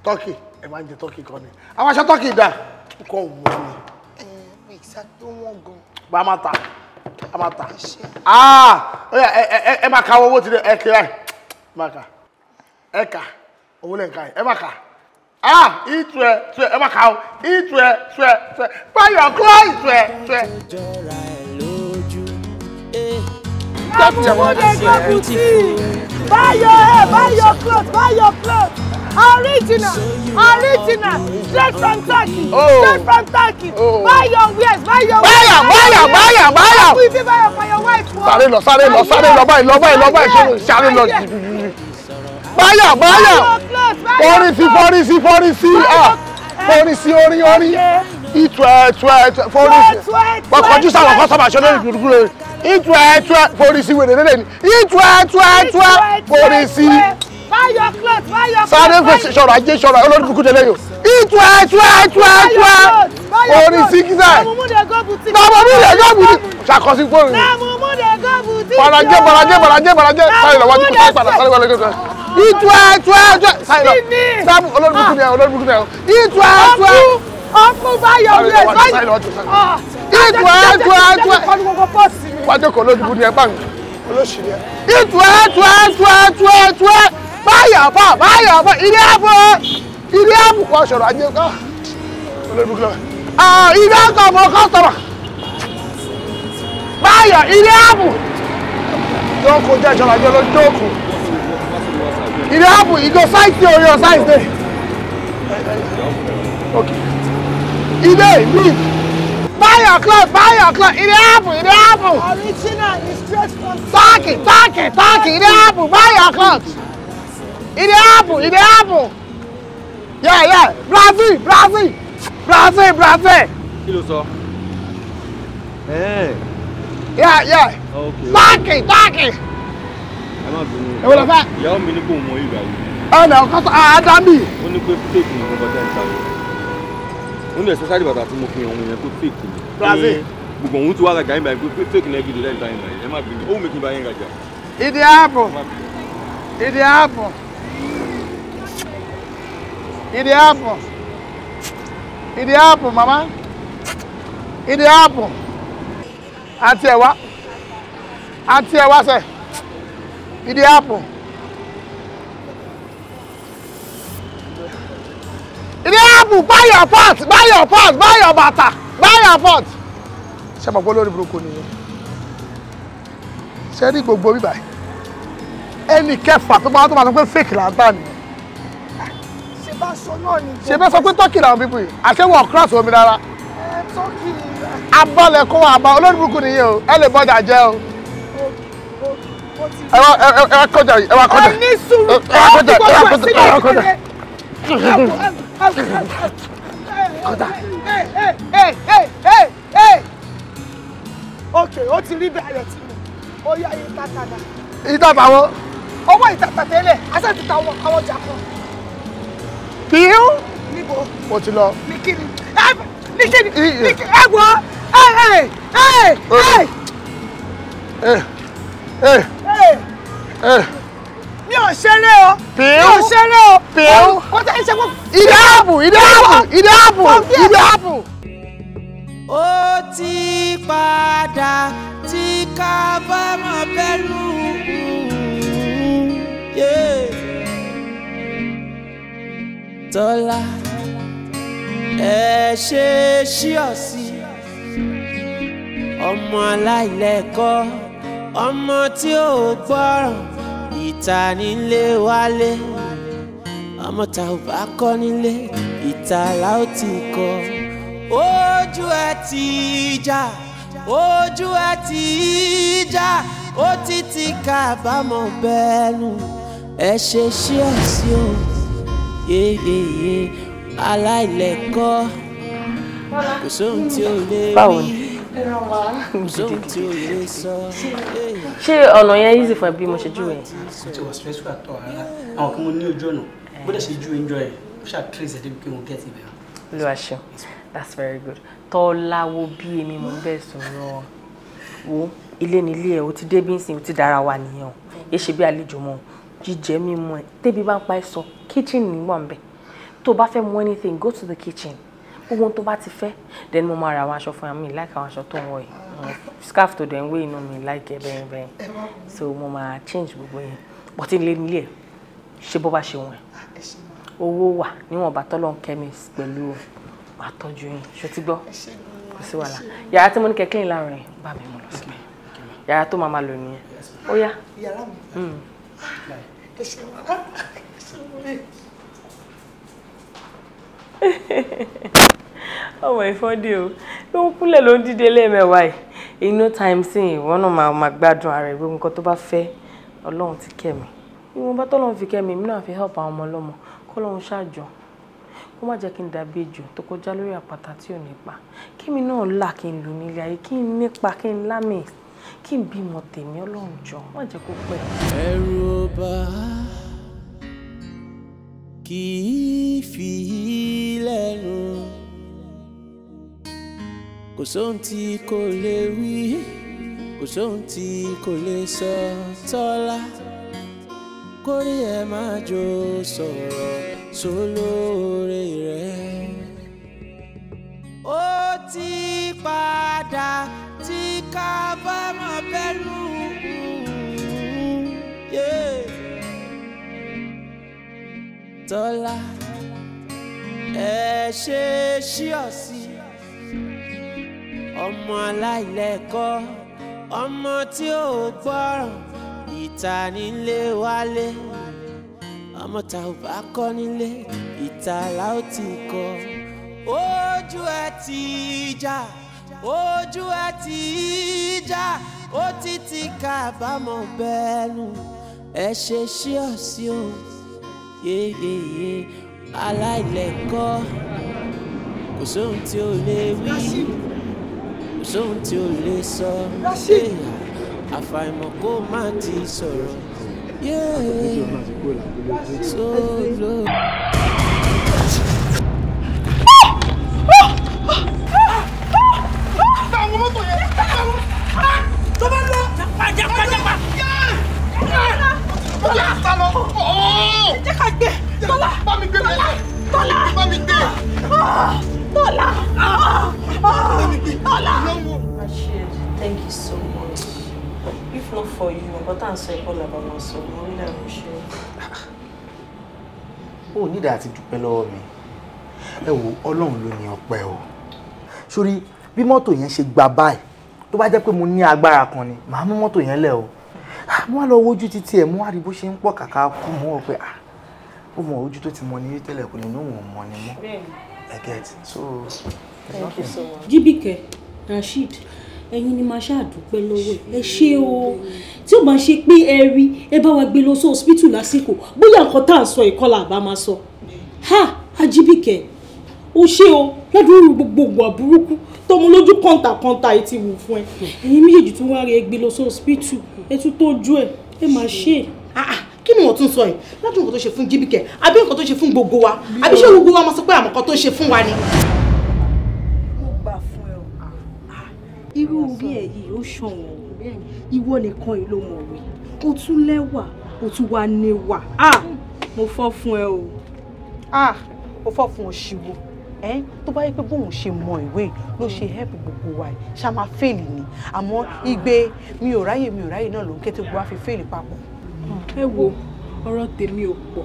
Turkey ẹ máa ń jẹ Turkey kan ni àwọn aṣọ Turkey dà kọ́ wọ́n ni. ẹ ẹ ìsàkó wọn gan. bá a máa ta a máa tà ah ẹ máa ka owó ti dẹ ẹ kiri ẹ máa kà ẹ kà owó lẹ́ǹka ẹ máa kà ah ìtù ẹ tù ẹ ẹ máa kà ó ìtù ẹ tù ẹ tù ẹ báyọ̀ kúrò ìtù ẹ tù ẹ that one is beautiful. Buy your hair, buy your clothes, buy your clothes. Original, original, straight from Turkey, oh. straight from Turkey. Oh. Buy your wares, buy your wares. Buy am, buy am, buy am, buy am. We be buy for your wife. Sáré lọ, sáré lọ, sáré lọ, báyìí lọ, Buy lọ, báyìí sáré lọ. Buy am, buy am. Fọ́rí sí, fọ́rí sí, fọ́rí sí, ah, fọ́rí sí, orí, orí. Ìtú ẹ̀, tú ẹ̀, fọ́rí sí. Wọ́n kọjú sáwọn kọ́sọ́mà ṣọlẹ́ ìdúró rẹ̀ ìtura ẹtura polisi wèrè lélẹ̀ ni ìtura ẹtura ẹtura polisi. báyọ̀ cloth báyọ̀ cloth. sáré fèsì sọ̀rọ̀ ajé sọ̀rọ̀ olórí kúkú tẹ̀lé yìí ìtura ẹtura ẹtura ẹtura polisi kíkà. nàmúmúdé gómìnà ṣàkóso fóònù. nàmúmúdé gómìnà. barajẹ barajẹ barajẹ barajẹ sáré lọ wájú sáré padà sáré wọlé kankan. ìtura ẹtura ẹtura sáré lọ sábù olórí kúkú ni ẹ olórí kúkú ni ẹ ìtura ẹtura. ọkùn ọkùn báyọ̀ wíwẹ̀ báyọ̀ ìtù ẹ̀tù ẹ̀tù ẹ̀. wájú kan ló dùbú ni ẹ bá mi olóṣèlú ẹ. ìtù ẹ̀tù ẹ̀tù ẹ̀tù ẹ̀tù ẹ̀ báyọ̀ fà báyọ̀ fà ilé ààbò ilé ààbò kan sọ̀rọ̀ ajé ká olódùbú kan. ilé ààbò kan kan sọ̀rọ̀ báyọ̀ ilé ààbò. yóò kó jẹ́ ìjọba jẹ́ lójú òkú ilé ààbò ìgò sáìtì orí ọ̀ sáìtì. ilé mi. Buy your clothes, buy your clothes. It apple, it apple. Original is straight from Turkey, Turkey, Turkey. It apple, buy your clothes. It apple, it apple. Yeah, yeah. Brazil, Brazil, Brazil, Brazil. Kí ló sọ? Eh. Yeah, yeah. Okay. Talking. Talking. Ẹ má bínú. Èwo ló fẹ́? Ìyàwó mi ní kò mọ ìgbà yìí. Ọ̀nà ọ̀kan ah, tó Adami. Ó ní pé fake ni mo kọjá ìta yìí. Ó ní ẹ̀sọ́ sáré bàtà tí mo fi hàn òun yẹn tó fake brazil. gbogbo ohun tí wàá rajà yín báyìí pé fake nẹ́ẹ̀gì lè lẹ́yìn táyìn báyìí ẹ má bínú ó wù mí kí n bá yín rajà. ìdí ààbò ìdí ààbò ìdí ààbò ìdí ààbò màmá ìdí ààbò àti ẹ̀wá àti ẹ̀wá sẹ̀ ìdí ààbò. ilé buy your pot buy your pot buy your butter, buy your pot ṣe mọ̀ pé olórí burúkú nìyẹn ṣe rí gbogbo bíbá ẹnì kẹfà tó máa tó máa sọ pé fake là ń tà nìyẹn ṣe bá sọ náà ni ṣe bẹ́ẹ̀ sọ pé tọ́kì làwọn bíbù yìí àṣẹwọ̀ cross omi rárá eh, tọ́kì abọ́lẹ̀ kó wa bá olórí burúkú nìyẹn o ẹ lè bọ́jà jẹ́ o ẹ wá ẹ wá kọjá yìí ẹ wá kọjá ẹ wá kọjá ẹ wá kọjá ẹ wá kọjá kọ́tà. ok ó ti rí bí ayọ̀ tí mo ó yá ìta tàdà. ìta tàwọn. owó ìta tàtẹ́lẹ̀ àṣẹ ti ta àwọn ọjà kan. bíú. níbo. mo ti lọ. ní kíni ní kíni ní kíni ẹ wọ ẹ ẹ ẹ ẹ ẹ ẹ ẹ mi ò ṣeré o mi ò ṣeré o pẹ̀lú kó tẹ́ ṣe kó. ìdí ààbò ìdí ààbò ìdí ààbò ìdí ààbò. ó ti padà tí kábàámọ̀ bẹ́lú. tọ́lá ẹ ṣe ṣí ọ̀sìn ọmọ aláìlẹ́kọ̀ọ́ ọmọ tí ò gbọ́ràn ìta nílé wálé ọmọ tá ò bá kọ́ nílé ìta la ó ti kọ́ ojú ẹ ti jà ojú ẹ ti jà ó ti ti kábàámọ̀ bẹ́ẹ̀ nù ẹ ṣe ṣí ẹ o yeyeye kò sóhun tí ò lè rí ṣé ọ̀nà yẹn easy fún bí mo ṣe júwe. kò tí wà stressful at all àwọn kan mo ní ojú ọ̀nà bóde ṣe ju enjoy ẹ̀ ó ṣáà trace ẹ̀ débi pé mo get ibẹ̀. lu aṣọ that's very good tọ́láwo bí èmi mo bẹ́ẹ̀ sọ̀rọ̀ wo ilé nílé ẹ̀ o ti dé bí n sìn o ti dára wa nìyẹn o èṣe bí àlejò mọ́ jíjẹ mímu ẹ̀ tẹ́bi bá ń pa ẹ̀ sọ kitchen níwọ̀n bẹ̀ tó o bá fẹ́ mú anything go to the kitchen ohun tó bá ti fẹ́ then mo máa ra àwọn aṣọ fún mi like àwọn aṣọ tó ń wọ̀ yìí scarf to dẹ̀ ń wé inú mi like ẹ bẹ́ẹ̀ bẹ́ẹ̀ so mo máa change gbogbo yẹn but ilé nílé ẹ̀ ṣe bó bá ṣe wọ̀n ah, owó wà níwọ̀n bá tọ́lọ́ ń kẹ́mi pẹ̀lú àtọ́jú yín ṣó ti gbọ́ kò sí wàhálà yàrá tí mo ní kẹ́kẹ́ yìí láàrin bá mi mú lọ sí mi yàrá tó máa máa lò nìyẹn ó yá. yàrá mi. Hmm. ẹ ṣe wá ẹ ṣe wọlé. Oh my o ló Don't pull ló ń dìde lẹ́ẹ̀mẹ́wàá yìí in no time see one of my máa gbádùn ara ẹ̀ gbogbo nǹkan tó bá to ọlọ́run ti kẹ́ mi ìwọ̀nba tọ́lọ́run fi kẹ́ mi èmi náà fi help àwọn ọmọ ọlọ́mọ kọ́lọ́run ṣáàjọ kó má jẹ́ kí n dàbí ejò tó kọjá lórí àpáta tí ò nípa kí mi náà là kí n lù nílé ayé kí n nípa kí n lámì kí n bímọ tèmi ọlọ́run jọ má kì í fi lẹ́nu kò sóhun tí kò lè wí kò sóhun tí kò lè sọ tọ́lá kórè ẹ̀ máa jó sọ̀rọ̀ sólóore rẹ̀ ó ti padà tí kábàámọ̀ bẹ́rù. Yeah dọ́là ẹ ṣe ṣíọ̀sì ọmọ aláìlẹ́kọ́ ọmọ tí ò gbọ́ràn ìta nílé wálé ọmọ tá ò bá kọ́ nílé ìta la ó ti kọ́ ojú ẹ ti jà ojú ẹ ti jà ó ti ti kábàámọ̀ bẹ́ẹ̀ nù ẹ ṣe ṣíọ̀sì o yeyeye aláìlẹ́kọ́ kò sóhun tí o lè wí kò sóhun tí o lè sọ àfàìmọ̀ kó má ti sọ̀rọ̀ so low. Ah! tó bá lọ. japa japa Tọ́lá sá Jẹ́ ká gbé. Tọ́lá. Bá mi gbé bẹ́ẹ̀. Tọ́lá. Bá mi gbé. Tọ́lá. Tọ́lá. thank you so much. If not for you, but I'm so all about myself. I really appreciate it. O nídà àti dúpẹ́ lọ́wọ́ mi. Ẹ wo Ọlọ́run ló ní ọpẹ́ o. Sórí bí mọ́tò yẹn ṣe gba báyìí tó bá jẹ́ pé mo ní agbára kan ni màá mú mọ́tò yẹn lẹ̀ o mo wá lọ wojú títí ẹ̀ mo wá rí bó ṣe ń pọ̀ kàkà kú mo wọ̀ pé ah, ó mọ ojú tó ti mọ ní tẹ́lẹ̀ kò lè ní òun mọ ni mọ́ ẹ get so. jíbìkẹ́ rasheed ẹ̀yin ni màá ṣàdúpẹ́ lọ́wọ́ ẹ ṣé o tí ó bá ṣe pé ẹ rí ẹ bá wa gbé lọ sí hospital lásìkò bóyá nǹkan tá à ń sọ ìkọlà àbá máa sọ ha ajíbìkẹ́ ó ṣe o lọ́dún rú gbogbo ìwà burúkú tó mú lójú kọ̀ǹtàkọ̀ǹtà yìí ti wù fún ẹ ẹ̀yin méjèèjì tún wá rí ẹgbẹ́ lọ sí hospital ẹ tún tọ́jú ẹ ẹ máa ṣe é ah, ah, kí ni wọ́n tún sọ yìí lọ́dún nǹkan tó ṣe fún jíbìkẹ́ àbí nǹkan tó ṣe fún gbogbo wa àbí ṣé gbogbo wa máa sọ pé àmọ́ nǹkan tó ṣe fún wa ni. mo gbà fún ẹ ah, irú orí ẹ yìí ó ṣọ̀wọ́n ìwọ nìkan yìí ló mọ̀ wí o tún lẹ́wà o tún wá níwà mo fọ́ fún ẹ o. mo fọ́ fún òṣìwò ẹ tó bá yẹ pé bóun ṣe mọ ìwé ló ṣe help gbogbo wa yìí ṣá máa fail ni àmọ́ igbe mi ò ráyè mi ò ráyè náà ló ń kété gbogbo wa fi fail papọ̀. ẹ wo ọ̀rọ̀ tèmi ò pọ̀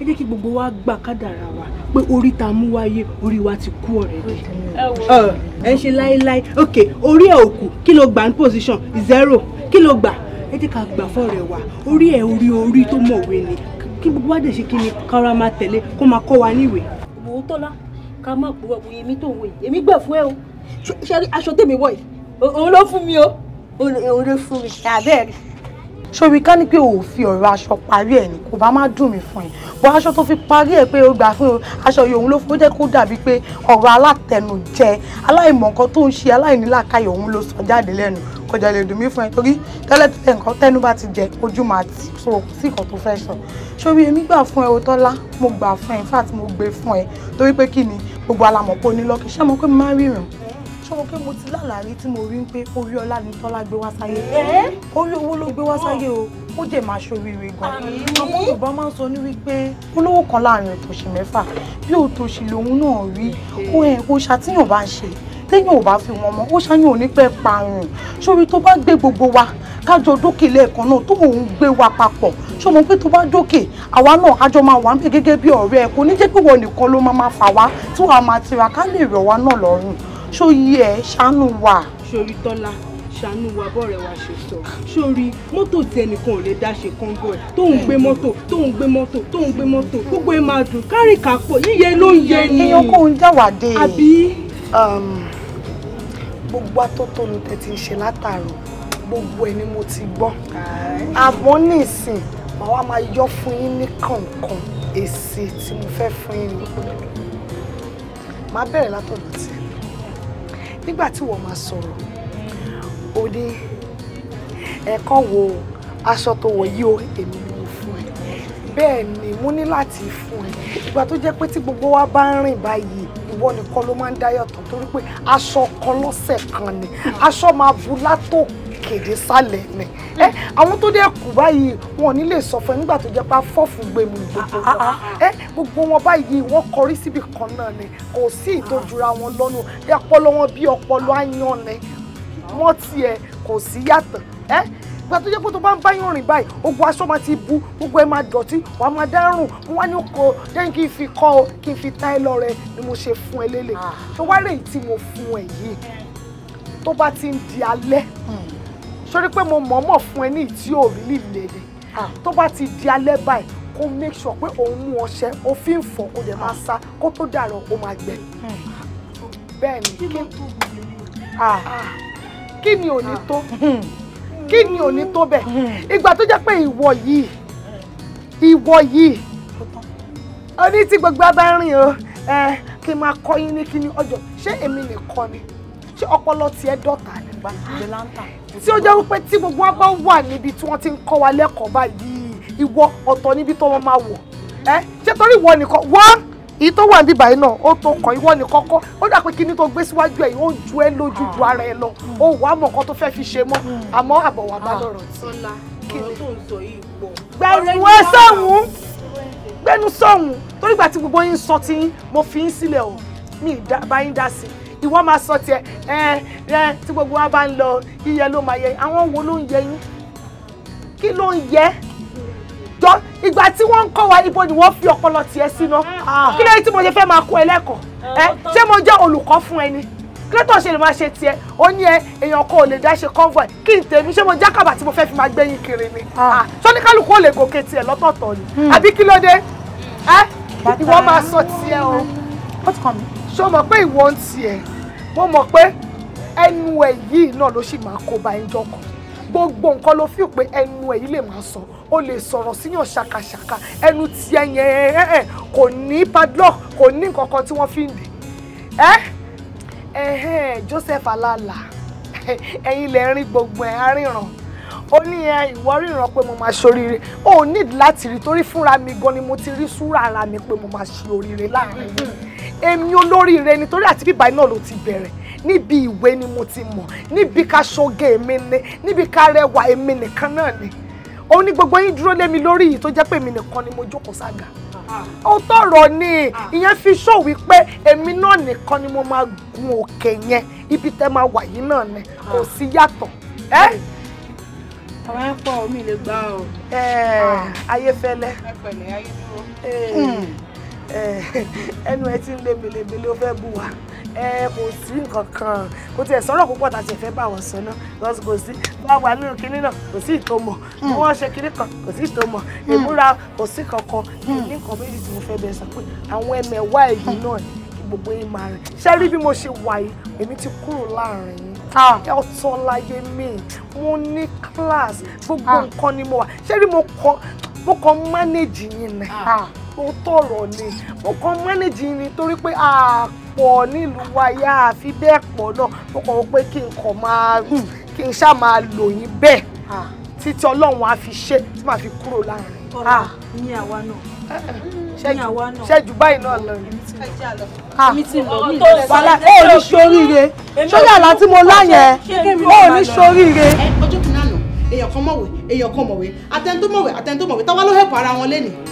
ẹ jẹ́ kí gbogbo wa gbà kádàrà wa pé orí ta mú wáyé orí wa ti kú ọ̀rẹ́ dé. ẹ ṣe láéláé ok orí ẹ ò kù kí ló gbà ní position zero kí ló gbà ẹ jẹ́ ká gbà fọ́ọ̀rẹ́ wa orí ẹ orí orí tó mọ̀wé ni kí gbogbo wa dẹ̀ ṣe kí ni kára máa tẹ̀lé kó máa kọ́ wa níwèé. òótọ́ lá ká má purọ́ bu yẹmí tó ń wò yìí èmi gbà fún ẹ o ṣe aṣọ tèmi wọ̀ yìí òun ló fún mi o òun ló fún mi àbẹ́ẹ̀rẹ̀ sórí ká ní pé o ò fi ọ̀rọ̀ aṣọ parí ẹ̀ ní kò bá má dùn mí fún ẹ bọ́ aṣọ tó fi parí ẹ̀ pé ó gbà fún o aṣọ yìí òun ló fún jẹ́ kó dàbí pé ọ̀rọ̀ alátẹnujẹ aláìmọ̀ nǹkan tó ń ṣe aláìnílàkàyè òun ló sọ jáde lẹ́nu kọjá lè dùn mí fún ẹ torí tẹ́lẹ̀tẹ́lẹ̀ nǹkan tẹ́nu bá ti jẹ ojú máa ti so kò sí nǹkan tó fẹ́ sọ sórí èmi gbà fún ẹ o tọ́lá mo gbà fún ẹ in fact mo gbé fún ẹ torí pé kí gbogbo alamọ̀pọ̀ onílọ́kì ṣé mo pé mo máa ríran ṣọmọ pé mo ti lálàárí tí mo rí ń pé orí ọlá ni tọ́lá gbé wá sáyé orí owó ló gbé wá sáyé o ó jẹ́ máa ṣoríire gan àwọn yorùbá máa ń sọ ní wípé olówó kan láàrin òtòṣì mẹ́fà bí òtòṣì lòun náà rí ó ẹ̀ kó ṣàtìyàn bá ń ṣe téèyàn ò bá fi wọn mọ ó ṣáyàn ò ní pẹ́ parun sórí tó bá gbé gbogbo wa kájọ dókè lẹ́ẹ̀kan náà tó òun gbé wa papọ̀ ṣó mọ̀ pé tó bá dókè àwa náà àjọ máa wà ń bẹ gẹ́gẹ́ bí ọ̀rẹ́ ẹ̀ kò ní jẹ́ pé wọn nìkan ló máa máa fà wá tí wàá máa tira ká lè rọ̀ wá náà lọ́rùn ṣóyí ẹ ṣàánú wa. ṣorí tọ́lá ṣàánú wa bọ́ọ̀rẹ̀ wa ṣe sọ sórí mọ́tò tí ẹnìkan ò lè dá ṣe kọ́ńgọ̀ ẹ̀ tóun gbé mọ́tò tóun gbé mọ́tò tóun gbé mọ́tò gbogbo ẹ máa dùn kárì kápò yíyẹ ló ń yẹ ni. èèyàn kò ń jáwàdé. àbí. Um, gbogbo atótónu tẹ ti ń ṣe látàrọ gbogbo ẹ ni mo ti gbọ́ àmọ́ nísìn màá wá máa yọ fún yín ní kọ̀ọ̀kan èsì tí mo fẹ́ fún yín ni màá bẹ̀rẹ̀ látọ̀dọ̀ tí nígbà tí wọ́n máa sọ̀rọ̀ ó ní ẹ̀kọ́ wo aṣọ tó wọ̀ yí o èmi ni mo fún ẹ bẹ́ẹ̀ ni mo ní láti fún ẹ ìgbà tó jẹ́ pé tí gbogbo wa bá ń rìn báyìí ìwọ nìkan ló máa ń dáyọ̀tọ̀ torí pé aṣọ kan lọ́sẹ̀ kan ni aṣọ máa bu látòkù kéde sálẹ̀ ni ẹ àwọn tó dé kù báyìí wọn ò ní lè sọ fún ẹ nígbà tó jẹ́ pé afọ́fún gbẹmú gbogbo wọn ah, ah, ah. ẹ gbogbo wọn báyìí wọ́n kọrí síbi kan náà ni kò sí ìtòjúra wọn lọ́nu ẹ ọpọlọ wọn bí ọpọlọ àyàn ni wọ́n tiẹ̀ kò sí yàtọ̀ ẹ ìgbà tó jẹ́ pé tó bá ń báyọ̀ rìn báyìí ogun aṣọ máa ti bu gbogbo ẹ máa dọ̀tí wà á máa dárùn wọn wá ní oko lẹ́yìn kí n fi kọ́ ọ kí n fi tá ẹ lọ rẹ ni mo ṣe fún ẹ lélẹ̀ tó wá rèé tí mo fún ẹ yìí tó bá ti ń di alẹ́ hmm sori pé mo mọ̀ọ́mọ̀ fún ẹ ní ìtí òrí líle ni ah. tó bá ti di alẹ́ báyìí kó make sure pé òun mú ọṣẹ ó fi ń fọ kó dẹ̀ máa sá kó tó dàrọ̀ kó máa gbẹ. Hmm. bẹ́ẹ̀ ni kí ah. ni òní tó kí ni òní tó bẹ̀ ìgbà tó jẹ́ pé ìwọ yìí ìwọ yìí oní tí gbogbo abá rìn o kí n máa kọ́ yín ní kí ọjọ́ ṣé èmi nìkan ni ṣé ọpọlọ tiẹ̀ dọ̀tà nígbà tí láńtà. tí ó jẹ́ wípé tí gbogbo wa bá wà níbi tí wọ́n ti ń kọ́ wa lẹ́kọ̀ọ́ báyìí ìwọ ọ̀tọ̀ níbi tó wọ́n máa wọ̀ ẹ́ ṣé torí ìwọ nìkan wá èyí tó wà níbí báyìí náà ó tó kàn ìwọ nìkan kọ́ ó dà pé kíní tó gbé síwájú ẹ̀ ó ju ẹ́ lójú ju ara ẹ lọ ó wàá mọ̀ nǹkan tó fẹ́ fi ṣe mọ́ àmọ́ àbọ̀wà bá lọ́rọ̀ tí. gbẹ̀rù ẹ sọ̀hún gbẹ̀nu sọ̀hún torí mo fi yín mi ì bá ìwọ máa sọ tiẹ̀ ẹ ẹ tí gbogbo wa bá ń lọ yíyẹ ló máa yẹ àwọn wo ló ń yẹ yín kí ló ń yẹ jọ ìgbà tí wọ́n ń kọ́ wa ibo ni wọ́n fi ọpọlọ tiẹ̀ sínú ah. kí lóyún tí mo ṣe fẹ́ máa kọ́ ẹ lẹ́kọ̀ọ́ ẹ ṣé mo jẹ́ olùkọ́ fún ẹni kílẹ̀tọ̀ ṣe lè máa ṣe tiẹ̀ ó ní ẹ èèyàn kan ò lè dá ṣe convoy kí n tèmi ṣé mo jákàbà tí mo fẹ́ fi máa gbẹ́yìn kiri ni sọ́níkálùkù ah. ah, ò lè gòkè tiẹ̀ lọ́tọ̀ọ̀tọ̀ ni hmm. àbí kí ló dé ẹ ìwọ máa sọ tiẹ̀ o. ó ti ṣé o mọ̀ pé ìwọ ń tiẹ̀ mo mọ̀ pé ẹnu ẹ̀ yìí náà ló sì máa kó ba ẹjọ́ kan gbogbo nǹkan ló fi pé ẹnu ẹ̀ yìí lè máa sọ o lè sọ̀rọ̀ síyàn ṣàkàṣàkà ẹnu ti ẹyẹ ẹ kò ní padlock kò ní nǹkan kan tí wọ́n fi ń dè ẹ́ Joseph alala ẹ̀yin lè rin gbogbo ẹ̀ aríran ó ní ẹ ìwọ ríran pé mo máa ṣoríire ó ní láti rí torí fúnra mi gan ni mo ti rí súra ara mi pé mo máa ṣe oríire láàrin yìí èmi olóríire nítorí àti bíbá iná ló ti bẹ̀rẹ̀ níbi ìwé ni mo ti mọ̀ níbi ká ṣoge èmi ni níbi ká rẹwà èmi nìkan náà ni òun ni gbogbo yín dúró lé mi lórí yìí tó jẹ́ pé èmi nìkan ni mo jókòó sága ó tọrọ ni ìyẹn fi ṣó wípé èmi náà nìkan ni mo máa gun òkè yẹn ibi tẹ́ máa wà yìí náà ni kò sí yàtọ̀ àwọn ẹ̀pọ̀ omi lè gbá o. Ah. ayé fẹ́lẹ́. ẹ pẹ̀lẹ́ ayé dúró. Hmm ẹnu ẹ ti ń lé belebele ó fẹ́ bù wá ẹ kò sí nǹkan kan kò tiẹ̀ sọ̀rọ̀ púpọ̀ tá a ti fẹ́ bá wọn sọ náà lọ́sùn kò sí bá wà nínú kinní náà kò sí ìtòmọ̀ bí wọ́n ṣe kinní kan kò sí ìtòmọ̀ hmm. ìmúra kò sí kankan ní nǹkan méjì tí mo fẹ́ bẹ sọ pé àwọn ẹmẹ̀wá èyí náà kí gbogbo yín máa rìn ṣé rí bí mo ṣe wà yìí èmi ti kúrò láàrin yín ọ̀tọ̀ láyé mi mo ní class gbogbo nǹkan ni mo wà ṣé rí mo kàn mo kàn manage yín ni tó tọ̀rọ̀ ni mo kàn mẹ́nẹ̀jì ni torí pé àpọ̀ nílùú wáyà àfi bẹ́ẹ̀ pọ̀ náà mo kàn wọ́n pé kí n kàn máa hmm, kí n ṣáà máa lò yín bẹ́ẹ̀ títí ọlọ́run á fi ṣe tí màá fi kúrò láàrin. tọ́lá ní àwa náà ní báyìí náà lọ èmi ti lọ mí lọ wàhálà ó ní ṣoríire ṣọ́jà àlá tí mo láyẹn ó ní ṣoríire. ọjọ́ kìnnà nù èèyàn kan mọ̀wé èèyàn kan mọ̀wé àtẹ̀ntó mọ̀wé àtẹ̀ntó mọ̀wé táwa ló hẹ̀pọ̀ ara wọn lénìí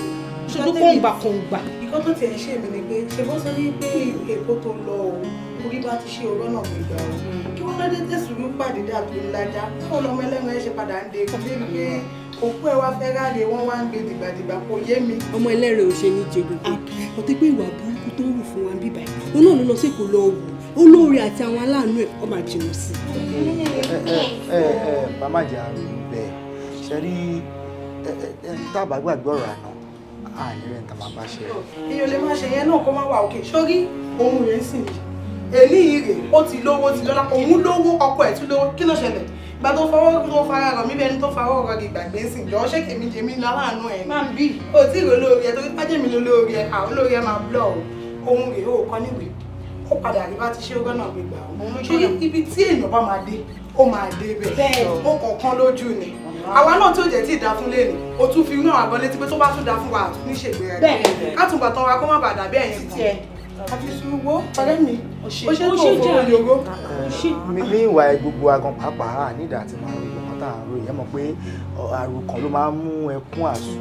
ṣojú kọ̀ǹgbà kọ̀ǹgbà. ìkọ́ tó tiẹ̀ ṣe èmi ni pé ṣe bó sọ ní pé èkó tó lọ o orí bá ti ṣe òrọ́ náà kò gbà o kí wọ́n lọ́dẹ tẹ̀sùn ní pàdé dàbí ńlájà fún ọmọ ẹlẹ́nu ẹ̀ ṣe padà ń de kò dé pé òkú ẹ wá fẹ́ ráde wọ́n wá ń gbé dìgbàdìgbà kò yé mi. ọmọ ẹlẹ́rìí ò ṣe ní jẹ̀gùn ọtí pé ìwà burúkú tó ń wù fún wa ń bíbá yìí olóore àti àwọn aláàánú ẹ ọmọ àjẹmọ sí. ẹ ẹ màmá ń bẹ ṣe rí tábà gbàgbé ọ̀rọ̀ àná àìrẹ́ ah, tàbá bá ṣe rẹ̀. iye olè máa ṣe yẹn náà kó má wà òkè sórí ohun rẹ̀ ń sìn yìí èmi ìrè ó ti lówó ti lọ́lá òun lówó ọkọ ẹ̀ tún lówó kí ló ṣẹlẹ̀ ìgbà tó fọwọ́ tó fara rọ̀ mí bẹni tó fara rọ̀ ìgbàgbé sìn jọ ṣé kèmi jèmi láláàánú ẹ̀ máa ń bí o tí ìrè olóore ẹ torí pàjẹ́ mi lólóore ẹ àwọn olóore ẹ máa blọ̀ o ohun rèé ò kọ́ níwèé ó padà rí bá ti ṣe ọgbọ́n náà gbégbà òun ló ṣe ibi tí èèyàn bá máa dé ó máa dé bẹ́ẹ̀ ó kọ̀ọ̀kan lójú ni àwa náà tí ò jẹ́ tí ì dá fún lé ní o tún fi inú àgbọn létí pé tó bá tún dá fún wa àtún ní ṣègbéra bẹ́ẹ̀ ká tún bàtàn wa kó má bàa dà bẹ́ẹ̀ yẹn tiẹ̀ àti sùwó ọ̀rẹ́ mi ó ṣe tó òfò òyògó. meanwhile gbogbo agan pàápàá nídàá ti máa rí ọmọ tá à ń ro ìyẹn mọ̀ pé àròkàn ló máa ń mú ẹkún àsùn